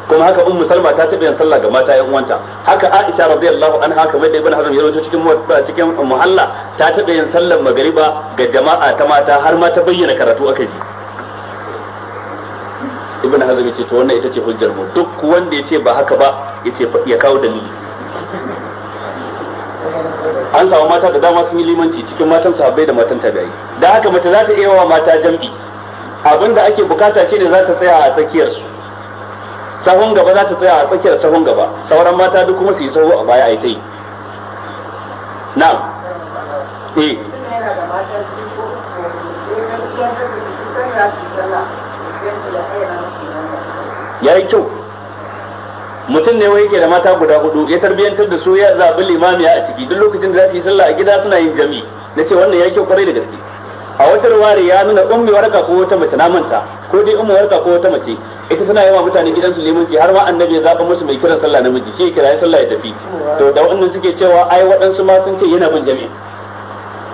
kuma haka ummu salma ta tabbayan sallah ga mata yan uwanta haka aisha radiyallahu anha kamar da ibn hazm ya rawaito cikin cikin muhalla ta tabbayan sallar magriba ga jama'a ta mata har ma ta bayyana karatu akai ibn hazm yace to wannan ita ce hujjar mu duk wanda yace ba haka ba yace ya kawo dalili an samu mata da dama sun yi limanci cikin matan sahabbai da matan tabi'i da haka mace za ta iya wa mata jam'i abinda ake bukata shine za ta tsaya a tsakiyar su sahun gaba za ta tsaya a tsakiyar sahun gaba sauran mata duk kuma su yi sahu a baya a yi na'am eh ya yi kyau mutum ne wai yake da mata guda hudu ya tarbiyyantar da su ya zaɓi limamiya a ciki duk lokacin da za su yi sallah a gida suna yin jami'i na ce wannan ya yi kyau kwarai da gaske a wata ruware ya nuna ummi warka ko wata mace na manta ko dai ummi warka ko wata mace ita tana yawa mutane gidan su limanci har ma annabi ya zaɓa musu mai kiran sallah namiji shi ya kira ya sallah ya tafi to da wannan suke cewa ai waɗansu ma sun ce yana bin jami'in.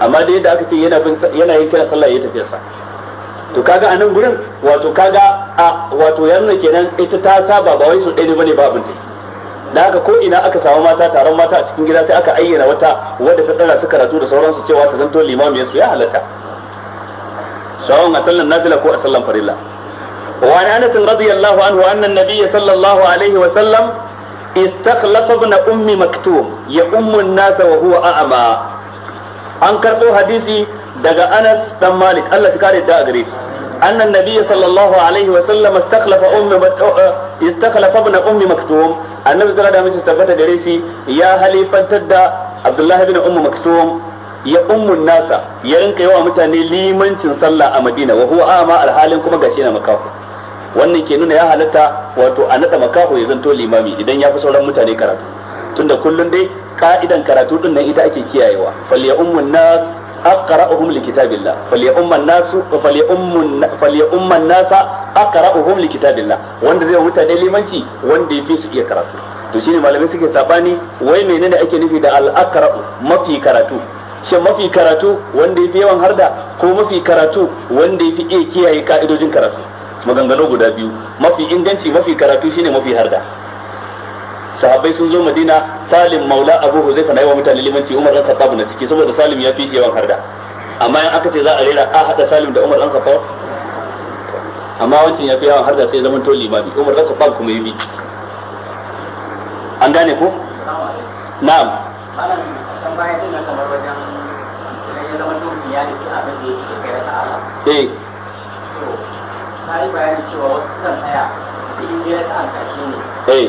amma dai da aka ce yana yana yin kiran sallah ya tafi sa to kaga a nan gurin wato kaga a wato yanzu kenan ita ta saba ba wai su ɗaya ne bane babin ta da haka ko ina aka samu mata taron mata a cikin gida sai aka ayyana wata wadda ta tsara su karatu da sauransu cewa ta zanto limamu su ya halatta sawon a sallan nafila ko a sallan farilla وعن انس رضي الله عنه ان النبي صلى الله عليه وسلم استخلف ابن ام مكتوم يؤم الناس وهو اعمى an karɓo hadisi daga Anas dan Malik Allah shi kare da gare shi أن النبي صلى الله عليه وسلم استخلف أم استخلف ابن أم مكتوم النبي صلى الله عليه وسلم دريشي يا هلي فانتدى عبد الله بن أم مكتوم يا أم الناس يا rinka yawa متاني limancin sallah a Madina wa huwa ama alhalin kuma gashi wannan ke nuna ya halatta wato a nada makaho ya zanto limami idan ya fi sauran mutane karatu tunda kullum dai ka'idan karatu din nan ita ake kiyayewa fal ya ummun nas aqra'uhum likitabillah falyumman nasu falyummun umman nasa aqra'uhum likitabillah wanda zai mutane limanci wanda yafi su iya karatu to shine malamai suke sabani wai menene ake nufi da al-aqra'u mafi karatu shin mafi karatu wanda yafi yawan harda ko mafi karatu wanda yafi iya kiyaye ka'idojin karatu maganganu guda biyu mafi inganci mafi karatu shine mafi harda sahabbai sun zo madina salim maula abu huzaifa na wa mutane limanci umar dan khattab na ciki saboda salim ya fi shi yawan harda amma in aka ce za a rera a hada salim da umar dan khattab amma wancan ya fi yawan harda sai zaman to limami umar dan khattab kuma yi an gane ko na'am eh na yi bayani cewa wasu ta an ne eh, eh.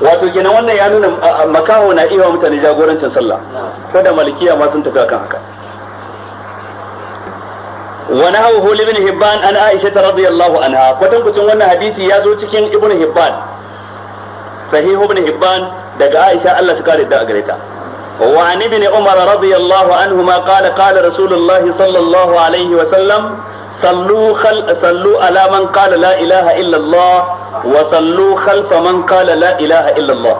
wato gina wannan ya nuna makaho na iya mutane jagorancin sallah ko da malikiya ma sun tafi akan haka wa nahawu ibn hibban an aisha radiyallahu anha kwatan kucin wannan hadisi ya zo cikin ibn hibban sahih ibn hibban daga aisha Allah ta kare da gareta wa an ibn umar radiyallahu anhuma qala qala rasulullahi sallallahu alaihi wa sallam sallu khal sallu ala man qala la ilaha illa allah wa sallu khalfa man qala la ilaha illallah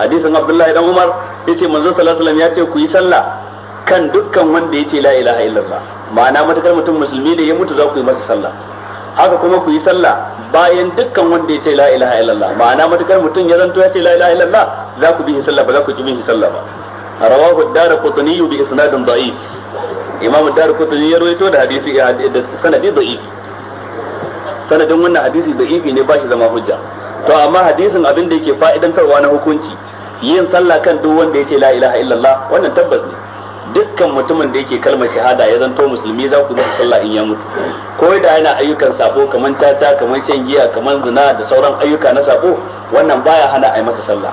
hadisin abdullahi dan umar yace manzo sallallahu alaihi wasallam yace ku yi sallah kan dukkan wanda yace la ilaha illallah ma'ana matakar mutum musulmi da ya mutu za ku yi masa sallah haka kuma ku yi sallah bayan dukkan wanda yace la ilaha illallah ma'ana matakar mutum ya zanto yace la ilaha illallah za ku bi sallah ba za ku ki bi sallah ba rawahu ad-darqutni bi isnadin da'if imam ad-darqutni ya rawaito da hadisi da sanadi da'if sanadin wannan hadisi da ifi ne ba shi zama hujja to amma hadisin abin da yake fa'idantarwa na hukunci yin sallah kan duk wanda yake la ilaha illallah wannan tabbas ne dukkan mutumin da yake kalmar shahada ya zanto musulmi za ku masa sallah in ya mutu ko da yana ayyukan sabo kamar caca kamar shan giya kamar zina da sauran ayyuka na sabo wannan baya hana a yi masa sallah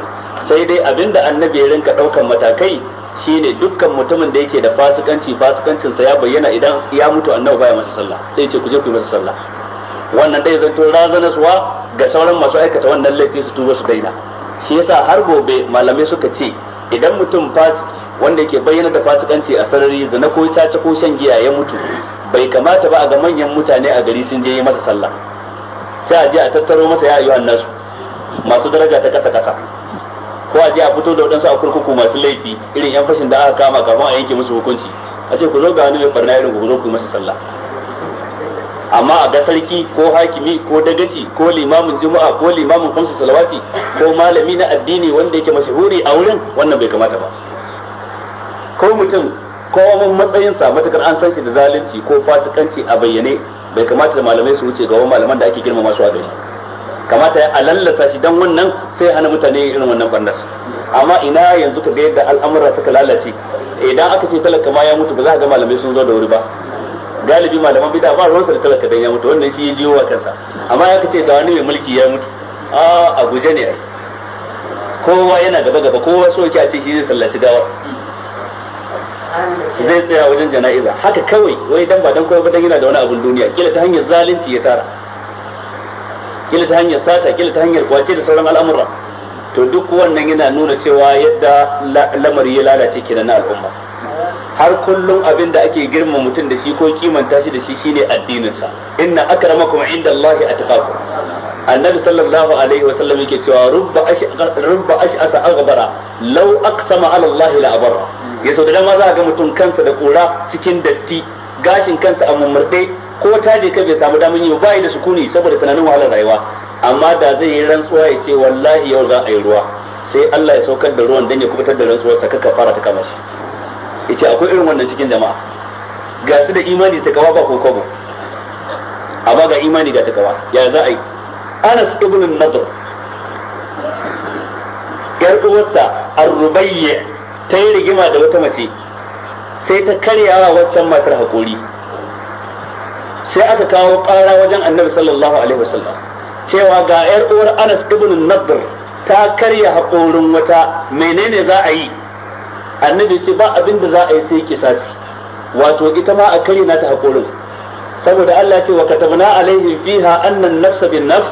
sai dai abin da annabi ya rinka daukan matakai shine dukkan mutumin da yake da fasikanci fasikancinsa ya bayyana idan ya mutu annabi baya masa sallah sai ce ku je ku yi masa sallah wannan dai zanto razanaswa ga sauran masu aikata wannan laifi su tuba su daina shi yasa har gobe malamai suka ce idan mutum wanda yake bayyana da fasikanci a sarari zina ko caca ko shan giya ya mutu bai kamata ba a ga manyan mutane a gari sun je yi masa sallah sai a je a tattaro masa ya ayyuhan nasu masu daraja ta kasa kasa ko a je a fito da wadansu a kurkuku masu laifi irin yan fashin da aka kama kafin a yanke musu hukunci a ce ku zo ga wani mai barna irin ku zo ku yi masa sallah amma a ga sarki ko hakimi ko dagaci ko limamin juma'a ko limamin kamsu salawati ko malami na addini wanda yake mashahuri a wurin wannan bai kamata ba ko mutum ko mun matsayinsa matukar an san shi da zalunci ko fasikanci a bayyane bai kamata da malamai su wuce ga wani malaman da ake girmama su a gari kamata ya alallasa shi dan wannan sai hana mutane irin wannan bandas amma ina yanzu ka ga yadda al'amura suka lalace idan aka ce talaka ma ya mutu ba za ka ga malamai sun zo da wuri ba galibi malaman bid'a ba ruwansa da talaka dan ya mutu wannan shi ya jiyo wa kansa amma ya kace da wani mai mulki ya mutu a a guje ne ai kowa yana gaba gaba kowa so yake a ce shi zai sallaci gawar zai tsaya wajen jana'iza haka kawai wai dan ba dan kowa ba dan yana da wani abun duniya kila ta hanyar zalunci ya tara kila ta hanyar sata kila ta hanyar kwace da sauran al'amura to duk wannan yana nuna cewa yadda lamari ya lalace kenan na al'umma har kullum abin da ake girma mutum da shi ko kimanta shi da shi shine addininsa inna akramakum inda Allah atqakum annabi sallallahu alaihi wa sallam yake cewa rubba rubba ash'asa aghbara law aqsama ala Allah la abara yaso da dama za ga mutum kansa da kura cikin datti gashin kansa a mummurde ko taje ka bai samu damin yi ba da sukuni saboda tunanin wahalar rayuwa amma da zai yi rantsuwa ya ce wallahi yau za a yi ruwa sai Allah ya saukar da ruwan dan ya kubutar da rantsuwar ta kaka fara ta kama yace akwai irin wannan cikin jama'a ga su da imani ta kawa ba ko kwabo amma ga imani ga ta kawa ya za a yi Anas ibn Nadr yar uwarsa ar ta yi rigima da wata mace sai ta karyawa waccan matar hakuri sai aka kawo ƙara wajen Annabi sallallahu alaihi wasallam cewa ga yar uwar Anas ibn Nadr ta karya haƙorin wata menene za a yi annabi ce ba abin da za a yi sai kisasi wato ita ma a kare ta hakorin saboda Allah ce wa katabna alaihim fiha annan an-nafs bin nafs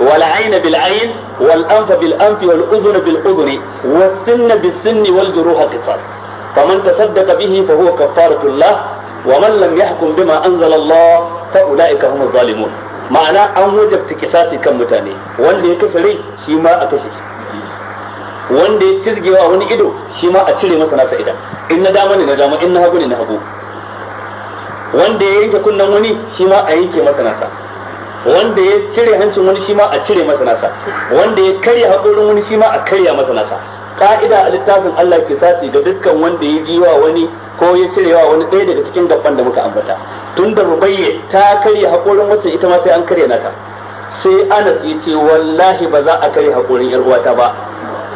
wal ayna bil ayn wal anfa bil anfi wal udhun bil udhun was sinna bis sinni wal juruha qisas faman tasaddaqa bihi fa huwa kafaratul lah wa man lam yahkum bima anzala Allah fa ulaika humuz zalimun ma'ana an wajabta kisasi kan mutane wanda ya kasare shi ma a kashe shi wanda ya cizgewa wani ido shi ma a cire masa nasa idan in na dama ne na dama in na hagu ne na hagu wanda ya yanke kunnen wani shi ma a yanke masa nasa wanda ya cire hancin wani shi ma a cire masa nasa wanda ya karya haƙorin wani shi ma a karya masa nasa ka'ida a littafin Allah ke sati ga dukkan wanda ya ji wa wani ko ya cire wa wani ɗaya daga cikin gaban da muka ambata tun da rubayye ta karya haƙorin wacce ita ma sai an karya nata sai Anas ya ce wallahi ba za a karya haƙorin yar uwata ba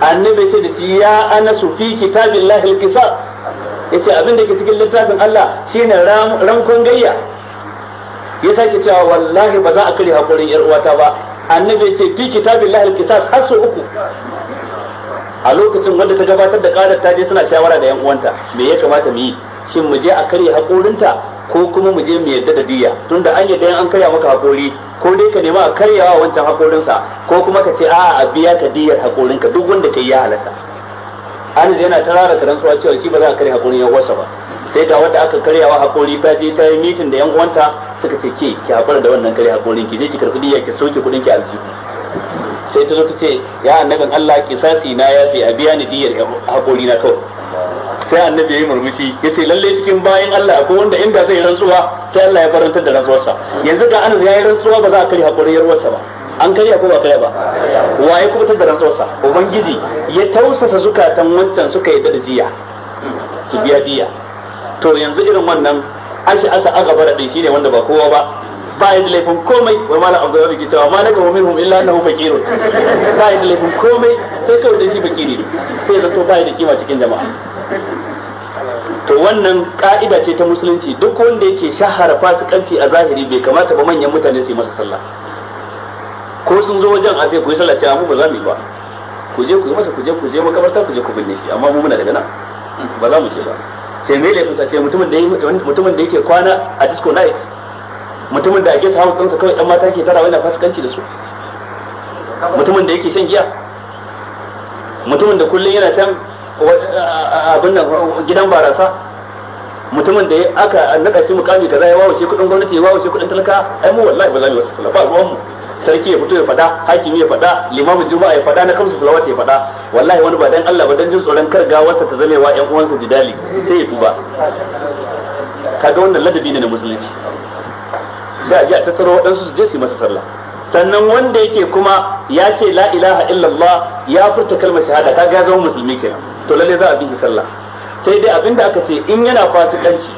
annabi ce da shi ya anasu fi kitabillahi al yace abin da ke cikin littafin Allah shine rankon gayya ya sake cewa wallahi ba za a kare hakurin yar uwata ba annabi ce fi kitabillahi al har su uku a lokacin wanda ta gabatar da karar ta je suna shawara da yan uwanta me ya kamata mu yi shin mu je a karya hakurinta ko kuma mu je mu yadda da diya tunda an yadda an karya maka hakori ko dai ka nema a karyawa wancan hakorinsa ko kuma ka ce a'a a biya ka diyar hakorinka duk wanda kai ya halaka an yana tarara karan suwa cewa shi ba za a karya hakorin yan uwarsa ba sai ga wanda aka karyawa hakori ta je ta yi mitin da yan uwanta suka ce ke ki hakura da wannan karya hakorin ki je ki karbi diya ki soke kudin ki aljihu sai ta zo ta ce ya annabin Allah kisasi na ya a biya ni diyar hakori na kawai sai annabi yi murmushi ya ce lalle cikin bayan Allah akwai wanda inda zai rantsuwa sai Allah ya barantar da rantsuwarsa yanzu ga Anas yayi rantsuwa ba za a kare hakurin yarwarsa ba an ya ko ba kai ba waye kuma ta da rantsuwarsa ubangiji ya tausasa zukatan wancan suka yi darjiya su biya biya to yanzu irin wannan ashi asa aka bara din shine wanda ba kowa ba ba da laifin komai wai malam da yake cewa ma daga mumin hum illa annahu fakirun ba da laifin komai sai kawai da shi fakiri sai zato ba da kima cikin jama'a to wannan ka'ida ce ta musulunci duk wanda yake shahara fasikanci a zahiri bai kamata ba manyan mutane su yi masa sallah ko sun zo wajen a sai ku yi sallah ce amma ba za mu yi ba ku je ku yi masa ku je ku je makabarta ku je ku binne shi amma mu muna daga nan ba za mu ce ba sai me laifin sa ce mutumin da mutumin da yake kwana a disco night mutumin da yake samu kansa kawai dan mata ke tara yana fasikanci da su mutumin da yake shan giya mutumin da kullum yana can abin nan gidan barasa mutumin da aka annaka shi mukami kaza ya wawashe kuɗin gwamnati ya wawashe kuɗin talaka ai mu wallahi ba za mu yi wasu salafa ruwan mu sarki ya fito ya fada hakimi ya fada limamin juma'a ya fada na kamsu salawat ya fada wallahi wani ba dan Allah ba dan jin tsoron kar gawarsa ta zamewa ƴan uwansa jidali sai ya tuba kaga wannan ladabi ne na musulunci Da a ji a tattaro waɗansu su je su yi masa sallah sannan wanda yake kuma ya ce la ilaha illallah ya furta kalmar shahada kaga ya zama musulmi kenan to lalle za a bi sallah sai dai abinda aka ce in yana fasikanci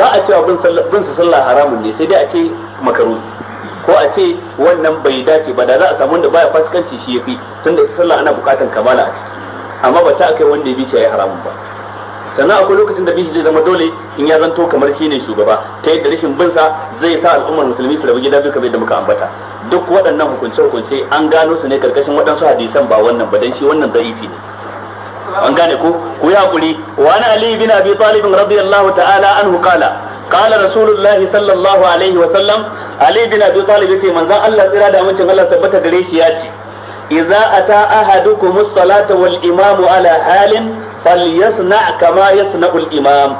ba a cewa bin sa sallah haramun ne sai dai a ce makaru ko a ce wannan bai dace ba da za a samu wanda baya fasikanci shi yafi tunda ita sallah ana bukatan kamala a ciki amma ba ta akai wanda ya bi shi ya haramun ba sannan akwai lokacin da bishi zai zama dole in ya zanto kamar shine shugaba ta yadda rashin binsa zai sa al'ummar musulmi su rabu gida duka kamar da muka ambata duk waɗannan hukunce-hukunce an gano su ne karkashin waɗansu hadisan ba wannan ba dan shi wannan da'ifi ne an gane ko ku yi hakuri wa ana ali bin abi talib radiyallahu ta'ala anhu qala Kala rasulullahi sallallahu alaihi wa sallam. وسلم علي بن yace manzon Allah tsira da amincin Allah tabbata gare shi yace idza ata ahadukum as-salata wal imamu ala halin falyasna kama al imam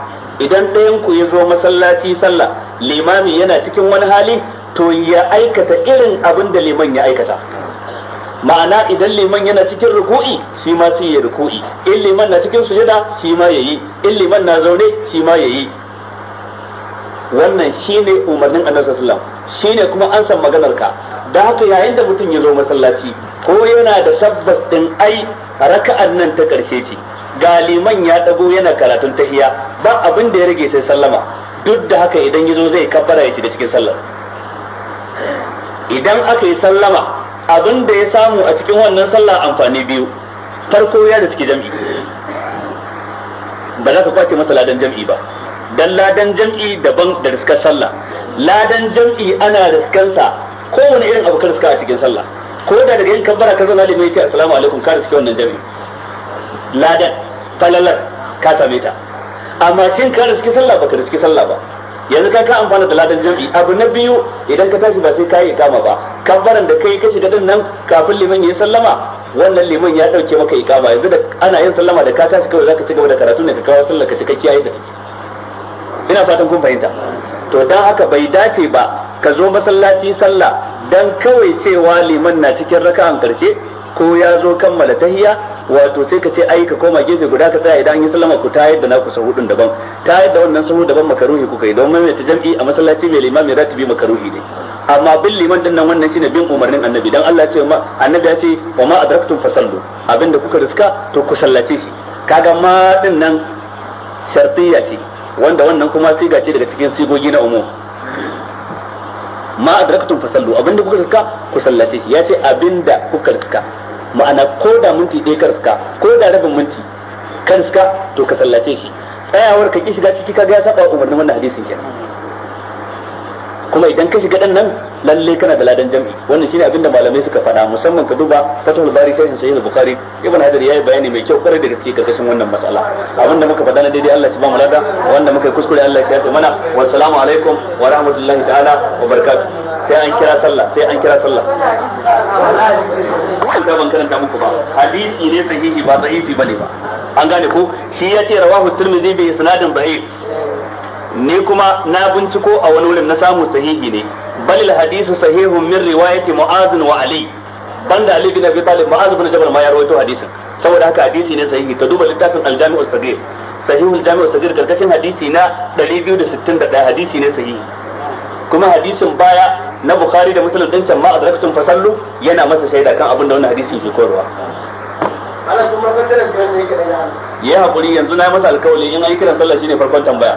idan ɗayan ku ya zo masallaci sallah limami yana cikin wani hali to ya aikata irin abin da liman ya aikata ma'ana idan liman yana cikin ruku'i shi ma sai ya ruku'i in liman na cikin sujada shi ma yayi in liman na zaune shi ma yayi wannan shine umarnin annabi sallallahu alaihi shine kuma an san maganar ka da haka yayin da mutum ya zo masallaci ko yana da tabbas din ai raka'an nan ta karshe ce ga liman ya dago yana karatun tahiya ba abin da ya rage sai sallama duk da haka idan ya zo zai kabbara ya shiga cikin sallar idan aka yi sallama abin da ya samu a cikin wannan sallah amfani biyu farko ya da suke jam'i ba za ka kwace masa ladan jam'i ba dan ladan jam'i daban da riskar sallah ladan jam'i ana riskansa kowane irin abu ka riska a cikin sallah ko da daga yin kabbara ka zama limai ce assalamu alaikum ka riske wannan jam'i ladan falalar ka same ta amma shin ka riski sallah ba ka riski sallah ba yanzu kai ka amfana da ladan jam'i abu na biyu idan ka tashi ba sai ka yi ikama ba kabbaran da kai ka shiga din nan kafin liman ya sallama wannan liman ya dauke maka ikama yanzu da ana yin sallama da ka tashi kawai zaka ci gaba da karatu ne ka kawo sallar ka da yadda ina fatan kun fahimta to dan haka bai dace ba ka zo masallaci sallah dan kawai cewa liman na cikin raka'an karshe ko ya zo kammala tahiya wato sai ka ce ai ka koma gefe guda ka tsaya idan an yi sallama ku tayar da naku sahudin daban tayar da wannan sahu daban makaruhi ku yi don maimaita jam'i a masallaci mai limami ratibi makaruhi ne amma bin liman dinnan nan wannan shine bin umarnin annabi dan Allah ya ce annabi ya ce wa ma adraktum fasallu abinda kuka riska to ku sallace shi kaga ma dinnan nan shartiyya ce wanda wannan kuma siga ce daga cikin sigogi na umu ma adraktum fasallu abinda kuka riska ku sallace shi ya ce abinda kuka riska ma'ana ko da minti ɗaya suka, ko da rabin minti suka to ka sallace shi tsayawar ka ki shiga ciki ka kaga ya saba umarnin wannan hadisin kenan kuma idan ka shiga dan nan lalle kana da ladan jami'i wannan shine abinda malamai suka faɗa musamman ka duba fatul bari sai sai al-bukhari ibn hajar yayi bayani mai kyau kare da gaske karkashin wannan mas'ala abinda muka faɗa na daidai Allah ya ba mu lada wanda muka kuskure Allah ya shafe mana wa assalamu alaikum wa rahmatullahi ta'ala wa barakatuh sai an kira sallah sai an kira sallah ta ban karanta muku ba hadisi ne sahihi ba sahihi bane ba an gane ko shi yace rawahu tirmidhi bi isnadin da'if ni kuma na binciko a wani wurin na samu sahihi ne bal hadisu sahihun min riwayati mu'az wa ali banda ali bin abi talib mu'az bin jabal ma ya rawaito hadisin saboda haka hadisi ne sahihi ka duba littafin al-jami'u sagir sahihul jami'u sagir karkashin hadisi na 261 hadisi ne sahihi kuma hadisin baya na bukhari da muslim din can ma adraktum fasallu yana masa shaida kan abin da wannan hadisi ke korwa ya haƙuri yanzu na masa alkawali in an yi kiran sallah shine farkon tambaya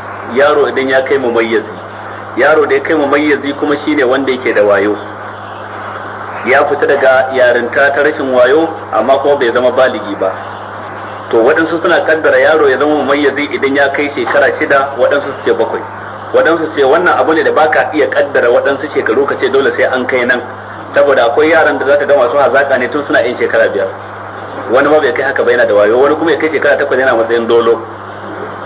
yaro idan ya kai mumayyazi yaro da ya kai mumayyazi kuma shine wanda yake da wayo ya fita daga yarinta ta rashin wayo amma kuma bai zama baligi ba to waɗansu suna kaddara yaro ya zama mumayyazi idan ya kai shekara shida waɗansu su ce bakwai waɗansu ce wannan abu ne da baka iya kaddara waɗansu shekaru ka ce dole sai an kai nan saboda akwai yaran da zaka ga masu hazaka ne tun suna yin shekara biyar wani ma bai kai haka ba yana da wayo wani kuma ya kai shekara takwas yana matsayin dolo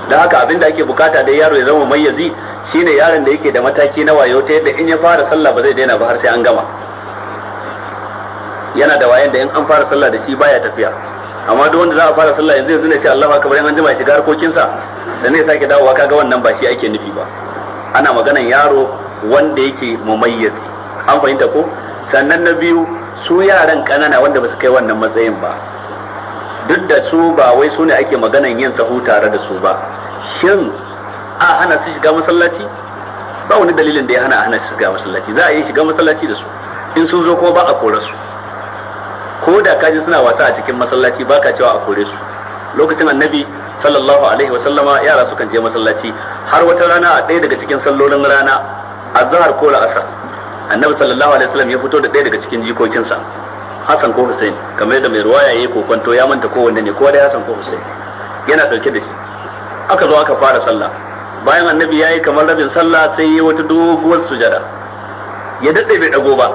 da haka abin da ake bukata da yaro ya zama mayyazi shine yaron da yake da mataki na wayo ta yadda in ya fara sallah ba zai daina ba har sai an gama yana da wayan da in an fara sallah da shi baya tafiya amma duk wanda za a fara sallah yanzu yanzu ne Allah Allahu akbar an jima shiga harkokin sa da ne sake dawowa kaga wannan ba shi ake nufi ba ana maganan yaro wanda yake mumayyiz an fahimta ko sannan na biyu su yaran kanana wanda ba su kai wannan matsayin ba duk da su ba wai su ne ake maganan yin sahu tare da su ba shin a hana su shiga masallaci ba wani dalilin da ya hana a hana su shiga masallaci za a yi shiga masallaci da su in sun zo ko ba a kore su ko da kaji suna wasa a cikin masallaci ba ka cewa a kore su lokacin annabi sallallahu alaihi wa sallama yara sukan je masallaci har wata rana a ɗaya daga cikin sallolin rana azhar ko la'asar annabi sallallahu alaihi wa sallam ya fito da ɗaya daga cikin jikokinsa Hassan ko Hussein kamar yadda mai ruwaya yayi kokonto ya manta ko wanda ne ko da Hassan ko Hussein yana dauke da shi aka zo aka fara sallah bayan annabi yayi kamar rabin sallah sai yayi wata doguwar sujada ya dade bai dago ba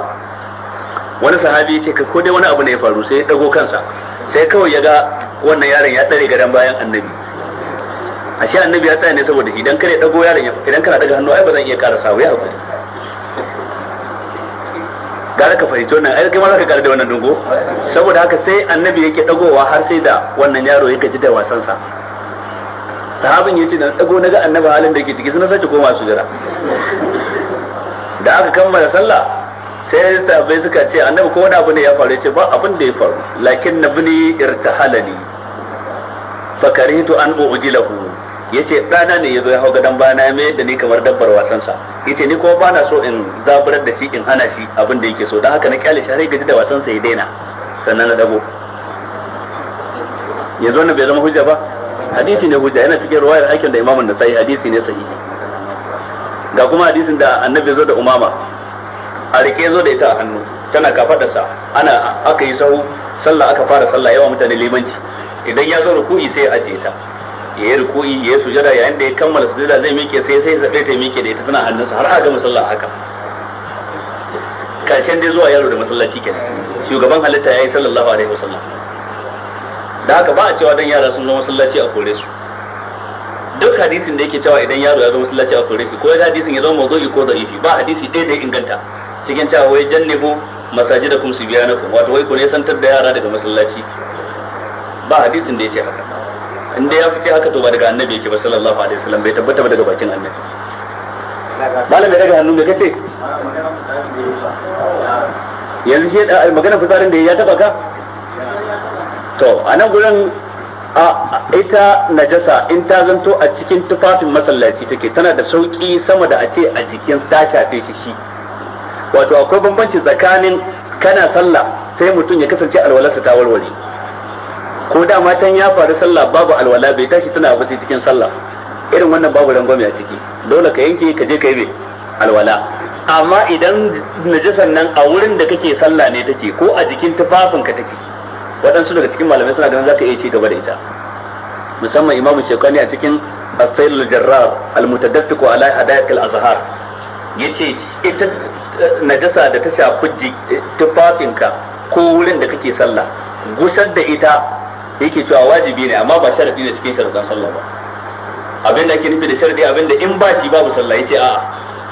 wani sahabi yake ka ko dai wani abu ne ya faru sai ya dago kansa sai kawai ya ga wannan yaron ya dare gadan bayan annabi ashe annabi ya tsaya ne saboda idan kare dago yaron idan kana daga hannu ai ba zan iya karasa ya hakuri gara ka fahimci wannan ai kai ma zaka kare da wannan dungo saboda haka sai annabi yake dagowa har sai da wannan yaro yake ji da wasan sa sahabin yace dan dago naga annabi halin da yake ciki sun sace koma su jira da aka kammala sallah sai bai suka ce annabi ko wani abu ne ya faru yace ba abin da ya faru lakin nabni irtahalani fakarihtu an ujilahu yace ɗana ne yazo ya hau gadon bana ya mayar da ni kamar dabbar wasan sa yace ni ba bana so in zaburar da shi in hana shi abin da yake so dan haka na kyale shi har gaji da sa ya daina sannan na dago yazo ne bai zama hujja ba hadisi ne hujja yana cikin ruwayar aikin da imamun da sai hadisi ne sahihi ga kuma hadisin da annabi zo da umama a rike zo da ita a hannu tana kafadarsa ana aka yi sahu sallah aka fara sallah yawa mutane limanci idan ya zo ruku'i sai ya ajiye ta ya yi ruku'i ya yi sujada yayin da ya kammala sujada zai miƙe sai sai zaɓe ta miƙe da ita tana hannunsa har aka musalla haka kashin dai zuwa yaro da masallaci nan, shugaban halitta ya yi sallallahu alaihi wasallam da haka ba a cewa don yara sun zo masallaci a kore su duk hadisin da yake cewa idan yaro ya zo masallaci a kore su, ko ya hadisin ya zama yi ko za'ifi, ba hadisi ɗaya da ya inganta cikin cewa wai jannibu kuma su biya nakum wato wai ku ne santar da yara daga masallaci ba hadisin da ya ce haka inda ya fice haka to ba daga annabi yake ba sallallahu alaihi wasallam bai tabbata ba daga bakin annabi malam daga hannu me kace yanzu shi eh, magana fitarin da ya taba ka to anan gurin a ita najasa in ta zanto a cikin tufafin masallaci take tana da sauki sama da a ce a jikin ta shafe shi shi wato akwai bambanci tsakanin kana sallah sai mutum ya kasance alwalarsa ta warware ko da matan ya faru sallah babu alwala bai tashi tana abinci cikin sallah irin wannan babu rangwame a ciki dole ka yanke ka je ka yi alwala amma idan najasan nan a wurin da kake sallah ne take ko a jikin tufafin ka take waɗansu daga cikin malamai suna ganin zaka iya ci gaba da ita musamman imamu shekani a cikin asayil al-jarrar al-mutadaffiqu ala hadaiq azhar yace ita eh, najasa da ta shafi eh, tufafinka ko wurin da kake sallah gusar da ita yake cewa wajibi ne amma ba sharadi ne cikin sharuɗan sallah ba abin da ake nufi da sharadi abin da in ba shi babu sallah yace a'a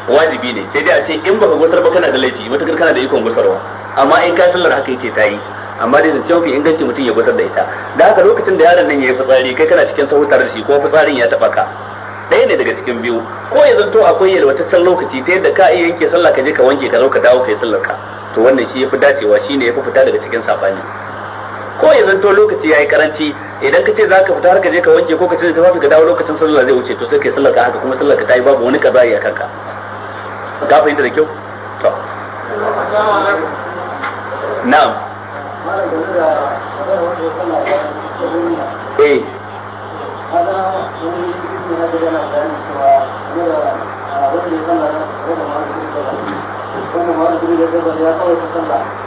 wajibi ne sai dai a ce in baka gusar ba kana da laifi matakar kana da ikon gusarwa amma in ka sallar haka yake tayi yi amma dai zance mafi inganci mutum ya gusar da ita da haka lokacin da yaron nan ya yi fitsari kai kana cikin sahu tare da shi ko fitsarin ya taba ka ɗaya ne daga cikin biyu ko ya zanto akwai yalwataccen lokaci ta yadda ka iya yanke sallah ka je ka wanke ka zo ka dawo ka yi sallar ka to wannan shi yafi dacewa shine yafi fita daga cikin sabani ko ya zanto lokaci yayi karanci idan ka ce za ka fita har ka je ka wanke ko ka ce tafafi ka dawo lokacin sallah zai wuce to sai kai sallar ka haka kuma sallar ka tayi babu wani ka bayi a kanka ka fahimta da kyau to na'am eh ya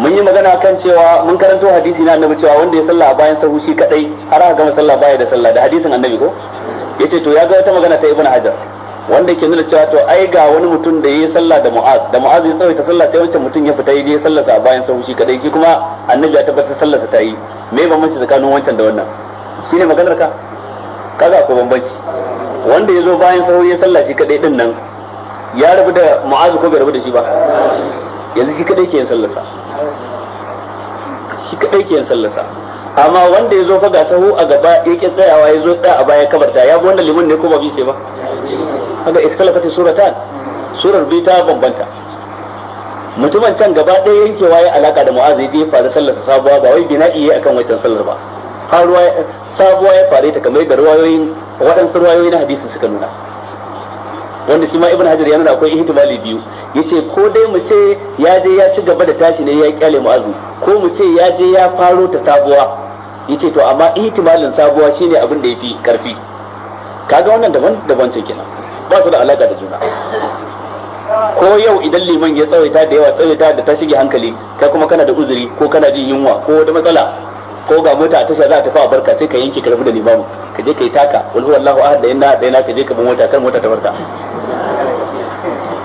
mun yi magana kan cewa mun karanto hadisi na annabi cewa wanda ya sallah a bayan sahu shi kadai har aka gama sallah baya da sallah da hadisin annabi ko yace to ya ga wata magana ta ibnu hajar wanda ke nuna cewa to ai ga wani mutum da yayi sallah da mu'az da mu'az ya tsawaita sallah sai wancan mutum ya fita yayi sallah sa bayan sahu shi kadai shi kuma annabi ya tabbatar sallah sa ta yi me bambanci tsakanin wancan da wannan shine maganar ka kaga ko bambanci wanda ya zo bayan sahu ya sallah shi kadai din nan ya rabu da mu'az ko bai rabu da shi ba yanzu shi kadai ke yin sallah sa shi kadai ke yin amma wanda ya zo fa ga sahu a gaba ya ke tsayawa ya zo tsaya a baya kabarta ya bi wannan liman ne ko ba bi sai ba haka ikhtalafati suratan surar biyu ta bambanta mutumin can gaba ɗaya yankewa ya alaka da mu'azi ya faru sallasa sabuwa ba wai bina iya akan wancan sallar ba sabuwa ya faru ta kamar da ruwayoyin waɗansu ruwayoyi na hadisin suka nuna wanda shi ma ibn hajar yana da akwai ihtimali biyu yace ko dai mu ce ya je ya ci gaba da tashi ne ya kyale mu'azu ko mu ce ya je ya faro ta sabuwa yace to amma ihtimalin sabuwa shine abin da yafi karfi kaga wannan daban daban ce kenan ba su da alaka da juna ko yau idan liman ya tsawaita da yawa tsawaita da ta shige hankali kai kuma kana da uzuri ko kana jin yunwa ko wata matsala ko ga mota a tasha za ta fawa barka sai ka yanke karfi da limamin ka je ka yi taka wallahu huwa ahad da yana da yana ka je ka bin mota kar mota ta barka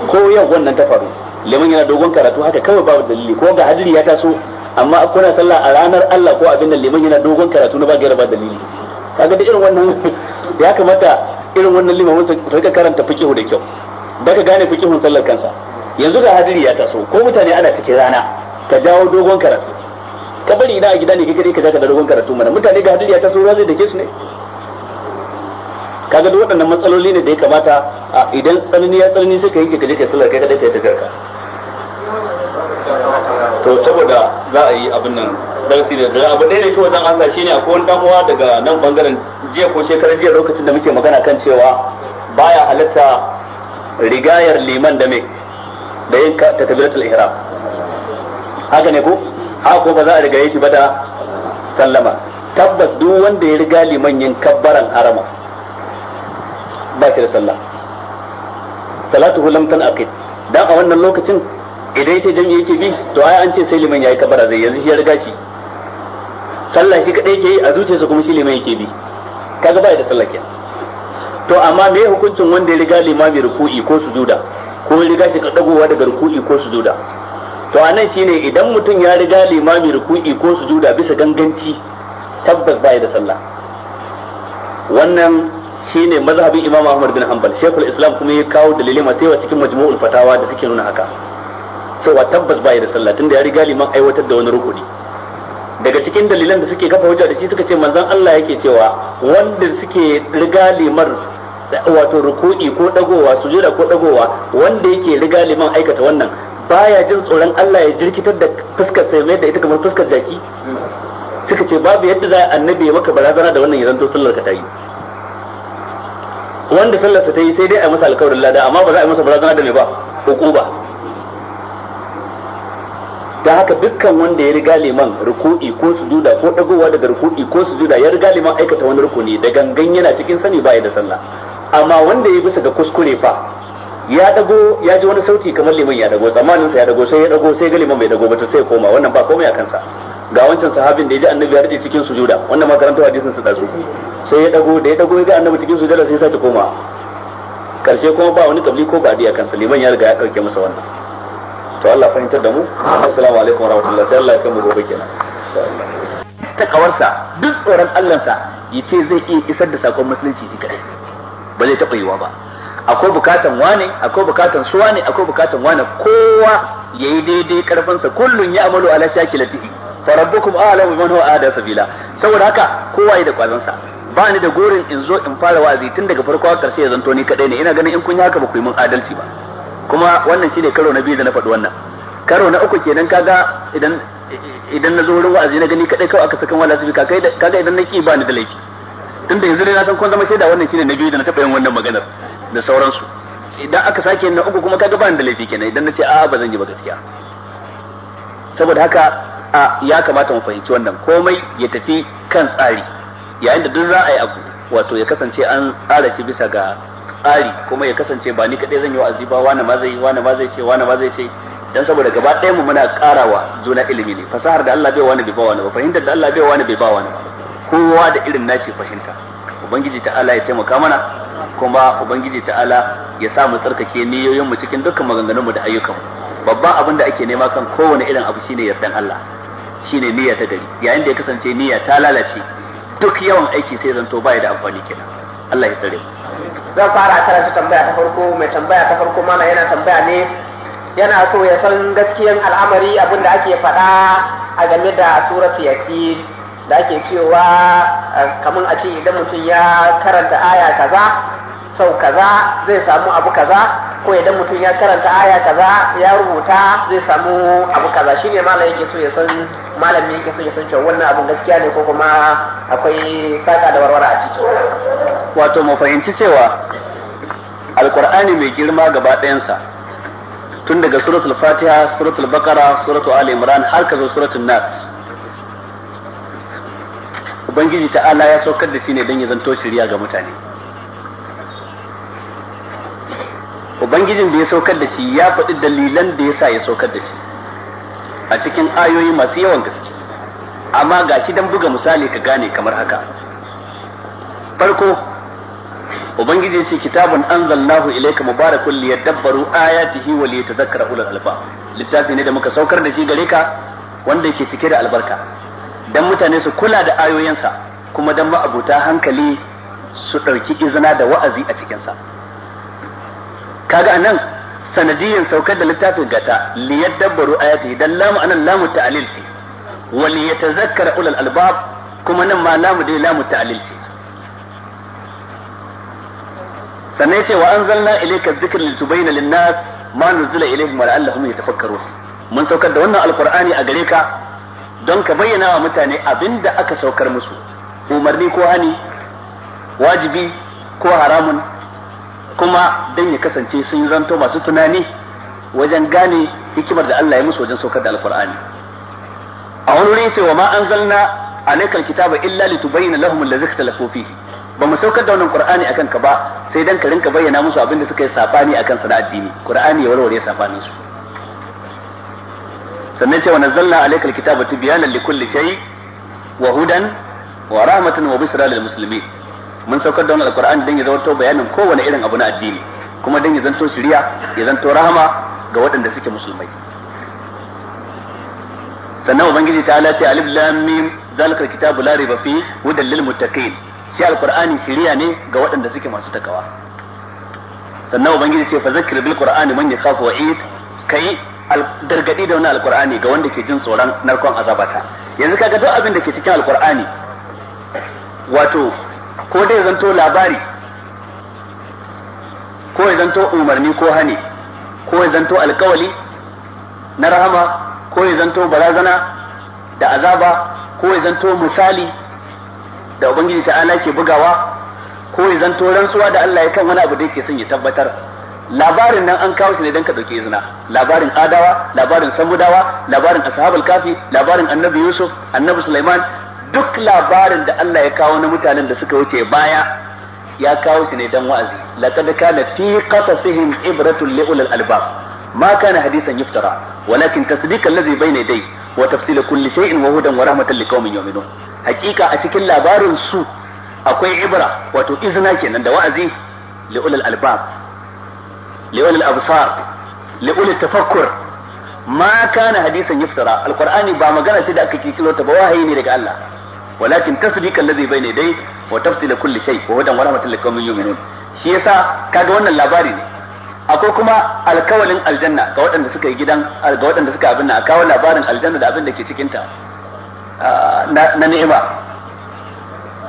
ko yau wannan ta faru liman yana dogon karatu haka kawai babu dalili ko ga hadiri ya taso amma kuna sallah a ranar Allah ko abin nan liman yana dogon karatu na ba gaira ba dalili kaga da irin wannan ya kamata irin wannan liman su rika karanta fiqhu da kyau baka gane fiqhun sallar kansa yanzu ga hadiri ya taso ko mutane ana take rana ka jawo dogon karatu ka bari ina a gida ne kake ka ka dogon karatu mana mutane ga hadiri ya taso ruwa zai dake su ne kaga duk waɗannan matsaloli ne da ya kamata a idan tsanani ya tsanani ka yi ka je kai sallar kai ta kai ta ka to saboda za a yi abin nan darasi da da abu ɗaya ne ta wajen Allah shine akwai wani dan uwa daga nan bangaren jiya ko shekarar jiya lokacin da muke magana kan cewa baya halatta rigayar liman da me da yin takbiratul ihram haka ne ko haka ko ba za a rigaye shi ba da sallama tabbas duk wanda ya riga liman yin kabbaran arama. ba shi da sallah salatuhu lam aqid dan a wannan lokacin idan yace jami'i yake bi to ai an ce sai liman yayi kabara zai yanzu shi ya riga shi sallah shi kadai yake yi a zuciyarsa kuma shi liman yake bi kaga ba da sallah kenan to amma me hukuncin wanda ya riga limami ruku'i ko sujuda ko ya riga shi dagowa daga ruku'i ko sujuda to anan shine idan mutum ya riga limami ruku'i ko sujuda bisa ganganci tabbas ba da sallah wannan shine mazhabin Imam Ahmad bin Hanbal Sheikhul Islam kuma ya kawo dalilai masu yawa cikin majmu'ul fatawa da suke nuna haka cewa tabbas bai da sallah tunda ya riga liman aiwatar da wani rukuni daga cikin dalilan da suke kafa hujja da shi suka ce manzon Allah yake cewa wanda suke riga limar wato ruku'i ko dagowa sujuda ko dagowa wanda yake riga liman aikata wannan baya jin tsoron Allah ya jirkitar da fuskar sai mai da ita kamar fuskar jaki suka ce babu yadda za a annabi maka barazana da wannan yanzu sallar ka ta yi wanda sallarsa ta yi sai dai a masa alkawarin lada amma ba za a yi masa barazana da mai ba hukuma da haka dukkan wanda ya riga liman ruku'i ko sujuda ko dagowa daga ruku'i ko sujuda ya riga liman aikata wani rukuni da gangan yana cikin sani baya da sallah amma wanda ya bisa ga kuskure fa ya dago ya ji wani sauti kamar liman ya dago tsammanin sa ya dago sai ya dago sai ga liman bai dago ba to sai koma wannan ba komai a kansa ga wancan sahabin da ya ji annabi ya rage cikin sujuda wannan karanta hadisin sa dazu sai ya dago da ya dago ya ga annabi cikin sujuda sai ya sake koma karshe kuma ba wani kabli ko badi akan kansa ya riga ya dauke masa wannan to Allah fahimtar da mu assalamu alaikum warahmatullahi sai Allah ya kai mu gobe kenan takawarsa duk tsoron sa yace zai iya isar da sakon musulunci shi kadai ba zai taɓa yiwa ba akwai bukatan wane akwai bukatan su wane, akwai bukatan wane kowa yayi daidai karfansa kullun ya amalu ala shakilatihi farabbukum a'lamu man huwa ada sabila saboda haka kowa da kwazon sa ba ni da gurin in zo in fara wa'azi tun daga farko har karshe ya zanto ni kadai ne ina ganin in kun yi haka ba ku yi mun adalci ba kuma wannan shine karo na biyu da na faɗi wannan karo na uku kenan kaga idan idan na zo wurin wa'azi na gani kadai kawai aka saka wala su kaga kaga idan na ki ba ni da laifi tun da yanzu dai na san kun zama shaida wannan shine na biyu da na taɓa yin wannan maganar da sauransu idan aka sake na uku kuma kaga ba ni da laifi kenan idan na ce a'a ba zan yi ba gaskiya saboda haka a ya kamata mu fahimci wannan komai ya tafi kan tsari yayin da duk za a yi abu wato ya kasance an tsara shi bisa ga tsari kuma ya kasance ba ni kadai zan yi wa'azi ba wani ma zai wani ma zai ce wani ma zai ce dan saboda gaba ɗaya mu muna karawa juna ilimi ne fasahar da Allah bai wani bai ba wani ba fahimtar da Allah bai wani bai ba wani ba kowa da irin nashi fahimta ubangiji ta'ala ya taimaka mana kuma ubangiji ta'ala ya sa mu tsarkake niyoyin mu cikin dukkan maganganun mu da ayyukan mu babban abin da ake nema kan kowane irin abu shine yardan Allah shine niyya ta gari yayin da ya kasance niyya ta lalace duk yawan aiki sai zanto baya da amfani kenan Allah ya tsare zan fara karanta tambaya ta farko mai tambaya ta farko mana yana tambaya ne yana so ya san gaskiyan al'amari abin da ake faɗa a game da suratu yasin da ake cewa eh, kamar a ce idan mutum ya karanta aya kaza sau kaza zai samu abu kaza ko idan mutum ya karanta aya kaza ya rubuta zai samu abu kaza shine malam yake so ya san malami yake so ya san cewa wannan abin gaskiya ne ko kuma akwai saka da warwara a ciki wato mu fahimci cewa alkur'ani mai girma gaba ɗayansa tun daga suratul fatiha suratul bakara suratul ali imran har ka zo suratul nas ubangiji ta'ala ya saukar da shi ne don ya zanto shirya ga mutane ubangijin da ya saukar da shi ya faɗi dalilan da ya sa ya saukar da shi a cikin ayoyi masu yawan gaske amma ga shi don buga misali ka gane kamar haka farko ubangiji ce kitabun anzalnahu ilayka mubarakun liyadabbaru ayatihi wa liyatadhakkara ulul alba. littafi ne da muka saukar da shi gare ka wanda yake cike da albarka dan mutane su kula da ayoyinsa kuma dan ma'abuta hankali su ɗauki izina da wa'azi a cikinsa. kaga anan sanadiyan saukar da littafin gata liyadabbaru ayati dan lamu anan lamu ta'lil ce wa liyatazakkara ulul albab kuma nan ma lamu dai lamu ta'lil ce sannan ce wa anzalna ilayka dhikra litubayyana lin-nas ma nuzila ilayhim wa la'allahum yatafakkarun mun saukar da wannan alqur'ani a gare ka don ka bayyana wa mutane abinda aka saukar musu umarni ko hani wajibi ko haramun kuma dan ya kasance sun zanto masu tunani wajen gane hikimar da Allah ya musu wajen saukar da alkur'ani a wani wuri ce wa ma anzalna alaikal kitaba illa litubayyana lahum allazi ikhtalafu fihi ba mu saukar da wannan qur'ani akan ka ba sai dan ka rinka bayyana musu abin da suka yi sabani akan sa addini qur'ani ya warware sabanin su sannan ce wa nazzalna alaikal kitaba tibyana likulli shay wa hudan wa rahmatan wa busra lil muslimin mun saukar da wannan alqur'ani dan ya zanto bayanin kowane irin abu na addini kuma dan ya zanto shiriya ya zanto rahama ga waɗanda suke musulmai sannan ubangiji ta ce alif lam mim zalika kitabu la riba fi hudan lil muttaqin shi alqur'ani shiriya ne ga waɗanda suke masu takawa sannan ubangiji ce fa zakkir bil qur'ani man yakhafu wa'id kai gargadi da wani alkurani ga wanda ke jin tsoron narkon azabata yanzu kaga duk abin da ke cikin alkur'ani wato ko dai zanto labari ko ya zanto umarni ko hani ko ya zanto alkawali na rahama ko ya zanto barazana da azaba ko ya zanto misali da ubangiji ta'ala ke bugawa ko ya zanto rantsuwa da Allah ya kan wani abu da yake son ya tabbatar labarin nan an kawo shi ne don ka dauke izina labarin adawa labarin samudawa labarin ashabul kafi labarin annabi yusuf annabi sulaiman duk labarin da Allah ya kawo na mutanen da suka wuce baya ya kawo shi ne dan wa'azi laqad kana fi qasasihim ibratun li ulil albab ma kana hadisan yuftara walakin tasdiqan alladhi bayna yadayhi wa tafsila kulli shay'in wa hudan wa rahmatan liqaumin yu'minun hakika a cikin labarin su akwai ibra wato izina kenan da wa'azi li ulil albab li ulil absar li ulil tafakkur ma kana hadisan yuftara alqur'ani ba magana ce da aka kikilo ta ba wahayi ne daga Allah walakin tasdiqan ladhi bayna yadayhi wa tafsila kulli shay wa hudan wa rahmatan liqaumin yu'minun shi yasa kaga wannan labari ne akwai kuma alkawalin aljanna ga waɗanda suka yi gidan ga waɗanda suka abin nan a kawo labarin aljanna da abin da ke cikin ta ah, na ni'ima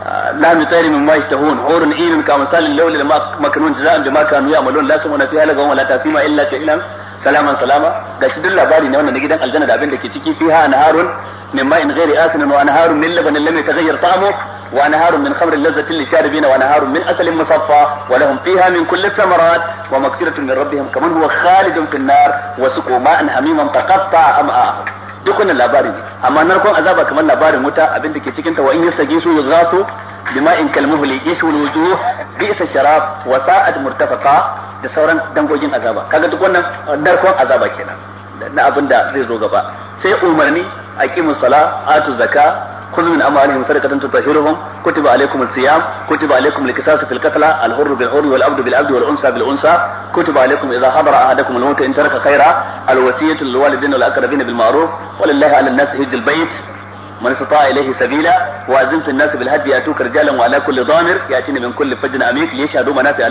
ah, la mutari min ma'ish tahun hurun ilin ka misalin lawlil makanun jaza'an bima kanu ya'malun la sumuna fiha lagawan wala tasima illa fi'lan salaman salama duk labari ne wannan na gidan aljanna da abin da ke ciki fiha anharun min ma'in ghairi asinin wa anharun min labanin lam yataghayyar ta'amu wa min khamrin lisharibina wa min asalin musaffa wa lahum fiha min kulli thamarat wa maghfiratun min rabbihim kaman huwa khalidun fin nar wa suqu ma'an hamiman labari ne amma narkon azaba kamar labarin wuta abin da ke cikin ta wa in yasage su yughasu bima'in kalmuhli yashul wujuh bi'sa sharab wa sa'at murtafaqa da sauran dangogin azaba kaga duk wannan darkon uh, azaba kenan na abin zai zo gaba sai umarni a atu zaka kuzu min amali mu sadaka tan tutahiruhum kutiba alaikum al hurru bil hurri wal abdu bil abdi wal unsa bil unsa kutiba alaikum idha hadara bil ma'ruf walillahi ala an-nas sabila wa azimtu an-nas bil hajj yatuka rijalan wa ala kulli damir yatina min kulli fajrin amik li yashhadu manafi'a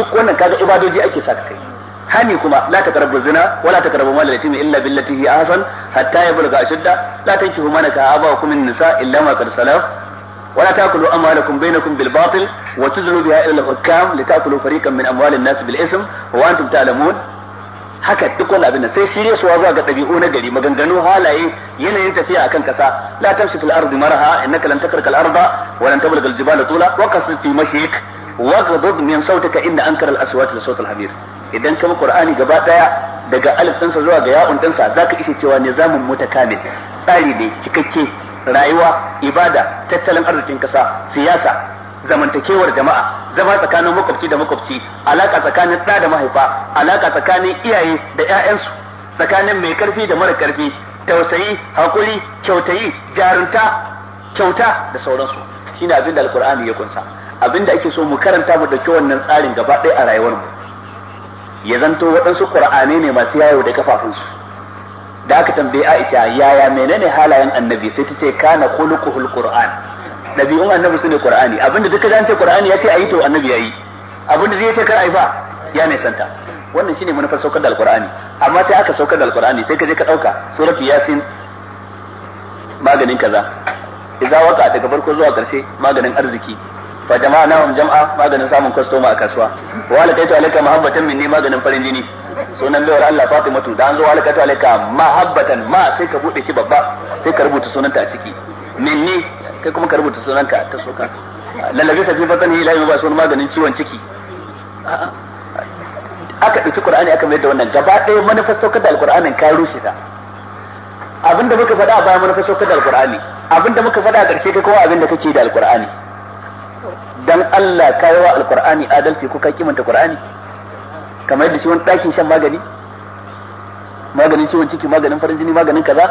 duk wannan kaga ibadoji ake sa kai hani kuma la taqrabu zina wala taqrabu mal yatim illa billati hi ahsan hatta yablugha ashudda la tankihu ma nakaha abakum min nisa illa ma qad salaf ولا تاكلوا اموالكم بينكم بالباطل وتزنوا بها الى الحكام لتاكلوا فريقا من اموال الناس بالاثم وانتم تعلمون haka duk wani abin da sai shirye suwa zuwa ga ɗabi'u na gari maganganu halaye yanayin tafiya akan kasa la tamshi fil ardi maraha innaka lan takrika al arda wa lan tablugha al jibala tula wa qasid fi mashik waghdud min sautika inda ankara al-aswat da sautul hamir idan kama qur'ani gaba daya daga alif dinsa zuwa ga ya'un dinsa zaka ishe cewa nizamun mutakamil tsari ne cikakke rayuwa ibada tattalin arzikin kasa siyasa zamantakewar jama'a zama tsakanin makwabci da makwabci alaka tsakanin tsada da mahaifa alaka tsakanin iyaye da ƴaƴansu tsakanin mai karfi da mara karfi tausayi hakuri kyautayi jarunta kyauta da sauransu shine abin da alqur'ani ya kunsa Abin da ake so mu karanta mu dauki wannan tsarin gaba ɗaya a rayuwar mu ya zanto waɗansu qur'ani ne masu yawo da kafafunsu da aka tambaye Aisha yaya menene halayen annabi sai ta ce kana khuluquhul qur'an dabi'un annabi sune qur'ani abinda duka da an ce qur'ani ya ce ayi to annabi yayi abinda zai ce kar ayi fa ya ne santa wannan shine manufar saukar da alqur'ani amma sai aka saukar da alqur'ani sai ka je ka dauka suratu yasin maganin kaza idza waka daga farko zuwa karshe maganin arziki fa jama'a na hum jama'a maganin samun kwastoma a kasuwa wa alakaitu alaika mahabbatan minni maganin farin jini sunan lawar Allah Fatimatu da an zo ta alaka mahabbatan ma sai ka bude shi babba sai ka rubuta sunanta a ciki minni kai kuma ka rubuta sunanka ta soka lalabi safi tani ilahi ba sunan maganin ciwon ciki aka ɗauki Qur'ani aka mayar da wannan gaba ɗaya manufar saukar da Alƙur'anin ka rushe ta abinda muka faɗa a baya manufar saukar da alqur'ani abinda muka faɗa a ƙarshe kai kowa abinda kake da alqur'ani dan Allah ka yawa alqur'ani adalci ko ka kimanta qur'ani kamar yadda shi wani ɗakin shan magani maganin ciwon ciki maganin farin jini maganin kaza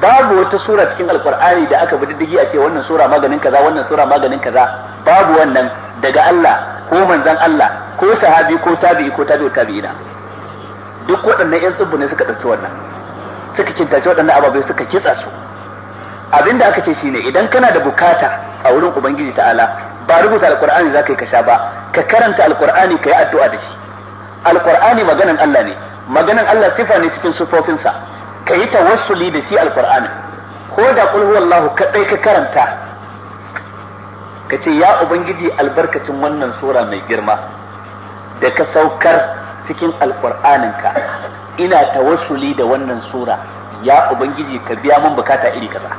babu wata sura cikin alqur'ani da aka bi a ce wannan sura maganin kaza wannan sura maganin kaza babu wannan daga Allah ko manzon Allah ko sahabi ko tabi'i ko tabi'u tabi'ina duk waɗannan ƴan tsubbu ne suka ɗauki wannan suka kintace waɗannan ababai suka kitsa su abinda aka ce shine idan kana da bukata a wurin ubangiji ta'ala ba rubuta alqur'ani zaka yi ka sha ba ka karanta alqur'ani ka addu'a da shi alqur'ani maganan Allah ne maganan Allah sifa ne cikin sufofinsa ka yi tawassuli da shi alqur'ani ko da kul huwallahu kadai ka karanta ka ce ya ubangiji albarkacin wannan sura mai girma da ka saukar cikin alqur'aninka ina tawassuli da wannan sura ya ubangiji ka biya min bukata iri kaza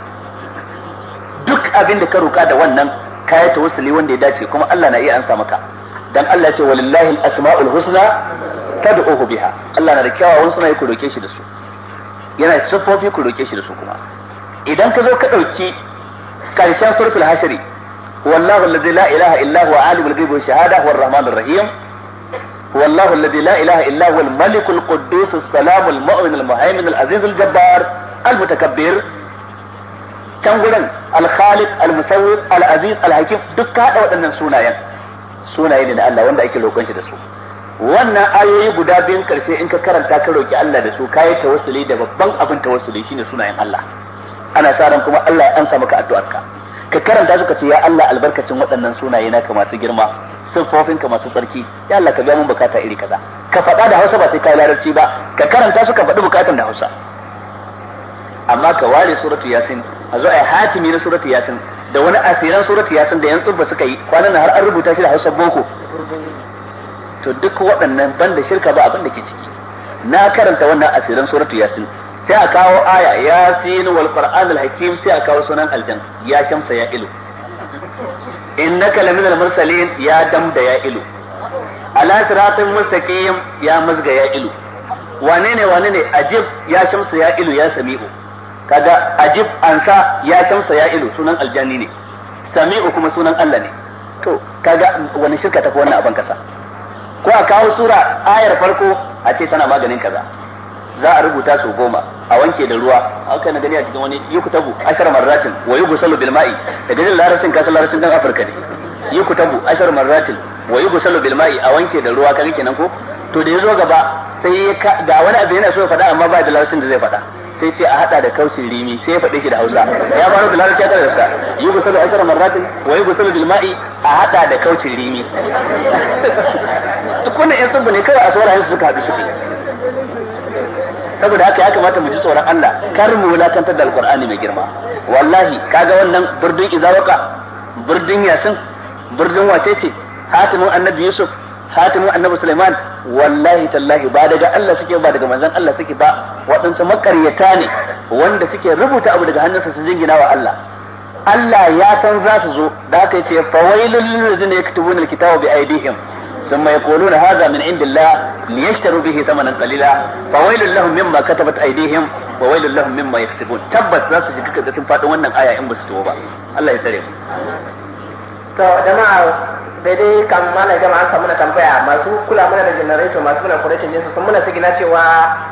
duk abin da ka roka da wannan kai tawassuli wanda ya dace kuma Allah na iya ansa maka dan Allah ce walillahi al-asma'ul husna fad'uhu biha Allah na da kyawawan sunaye ku roke shi da su yana siffofi ku roke shi da su kuma idan ka zo ka dauki karshen suratul hashri wallahu alladhi la ilaha illa huwa alimul ghaibi wash shahada huwa ar-rahmanur rahim والله الذي لا اله الا هو الملك القدوس السلام المؤمن المهيمن العزيز الجبار المتكبر can gurin al-khaliq al-musawwir duk ka hada waɗannan sunayen sunaye ne na Allah wanda ake roƙon shi da su wannan ayoyi guda biyun karshe in ka karanta ka roki Allah da su kai tawassuli da babban abin tawassuli shine sunayen Allah ana sa ran kuma Allah ya ansa maka addu'arka ka karanta su ka ce ya Allah albarkacin waɗannan sunaye naka masu girma siffofinka masu tsarki ya Allah ka biya mun bukata iri kaza ka faɗa da Hausa ba sai kai larabci ba ka karanta su ka faɗi bukatun da Hausa amma ka ware suratu yasin a zo yi hatimi na suratu yasin da wani asiran suratu yasin da yan tsubba suka yi kwanan har an rubuta shi da Hausa boko to duk waɗannan ban da shirka ba abin da ke ciki na karanta wannan asiran suratu yasin sai a kawo aya yasin wal qur'an al hakim sai a kawo sunan aljan ya shamsa ya ilu innaka al mursalin ya dam da ya ilu ala siratin mustaqim ya mazga ya ilu wane ne wane ne ajib ya shamsa ya ilu ya sami'u kaga ajib ansa ya shamsa ya ilu sunan aljanni ne sami'u kuma sunan Allah ne to kaga wani shirka tafi wannan abin kasa ko a kawo sura ayar farko a ce tana maganin kaza za a rubuta su goma a wanke da ruwa A aka na gani a cikin wani yi tabu, ashar marratin wa yugsalu bil ma'i da ganin larasin kasar larasin dan Afirka ne Yi tabu, ashar marratin wa yugsalu bil ma'i a wanke da ruwa kan kenan ko to da ya zo gaba sai ga wani abu yana so ya faɗa amma ba da larasin da zai faɗa sai ce a hada da kaushin rimi sai ya faɗe shi da Hausa ya fara da larabci da Hausa yi gusa da aikar marratin wa yi gusa da bilma'i a hada da kaushin rimi duk wani yan sabbi ne kawai a saurayen su suka haɗu suke saboda haka ya kamata mu ji tsoron Allah kar mu wulakantar da alqur'ani mai girma wallahi kaga wannan burdun izawaka burdun yasin burdun wacece hatimin annabi yusuf hatimin annabi sulaiman wallahi tallahi ba daga Allah suke ba daga manzon Allah suke ba waɗansu makaryata ne wanda suke rubuta abu daga hannunsa su jingina wa Allah Allah ya san za su zo da aka ce fawailul ladzina yaktubuna alkitaba bi aydihim ثم يقولون هذا من عند الله ليشتروا به ثمنا قليلا فويل لهم katabat كتبت ايديهم وويل لهم مما يكسبون tabbas za su ji duka sun faɗin wannan aya in ba su tuwo ba Allah ya tsare mu to jama'a sai dai kan mana jama'a an samu na tambaya masu kula mana da generator masu muna kuracin jinsu sun muna sigina cewa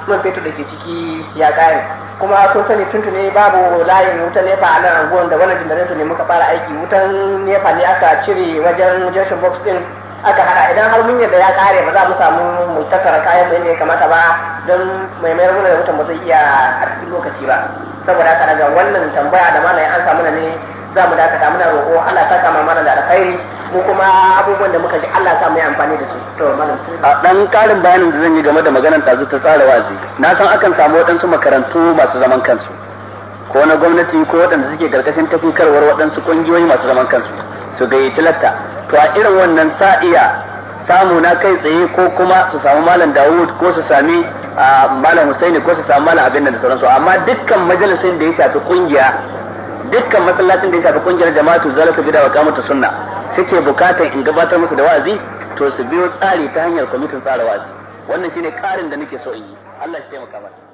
man fetur da ke ciki ya kare kuma sun sani tuntune babu layin wutan nefa a nan anguwan da wannan generator ne muka fara aiki wutan nefa ne aka cire wajen junction box din aka hada idan har mun yadda ya kare ba za mu samu mu takara kayan da ya kamata ba don mai mayar mana da wutan ba zai iya a cikin lokaci ba saboda haka daga wannan tambaya da mana an samu ne za mu dakata muna roƙo Allah ta kama mana da alkhairi mu kuma abubuwan da muka ji Allah sa mu yi amfani da su to malam a dan karin bayanin da zan yi game da maganar tazu ta tsara wazi na san akan samu waɗansu makarantu masu zaman kansu ko na gwamnati ko waɗanda suke karkashin tafikarwar waɗansu ƙungiyoyi masu zaman kansu su gayyaci latta to a irin wannan sa'iya samu na kai tsaye ko kuma su samu malam Dawud ko su sami ah, malam Husaini ko su samu malam abin da sauransu amma dukkan majalisin da ya shafi kungiya dukkan masallacin da ya shafi kungiyar jama'atu zalika bid'a wa kamata sunna suke bukatar in gabatar musu da wa'azi to su biyo tsari ta hanyar kwamitin tsara wa'azi wannan shine karin da nake so in yi Allah shi taimaka mana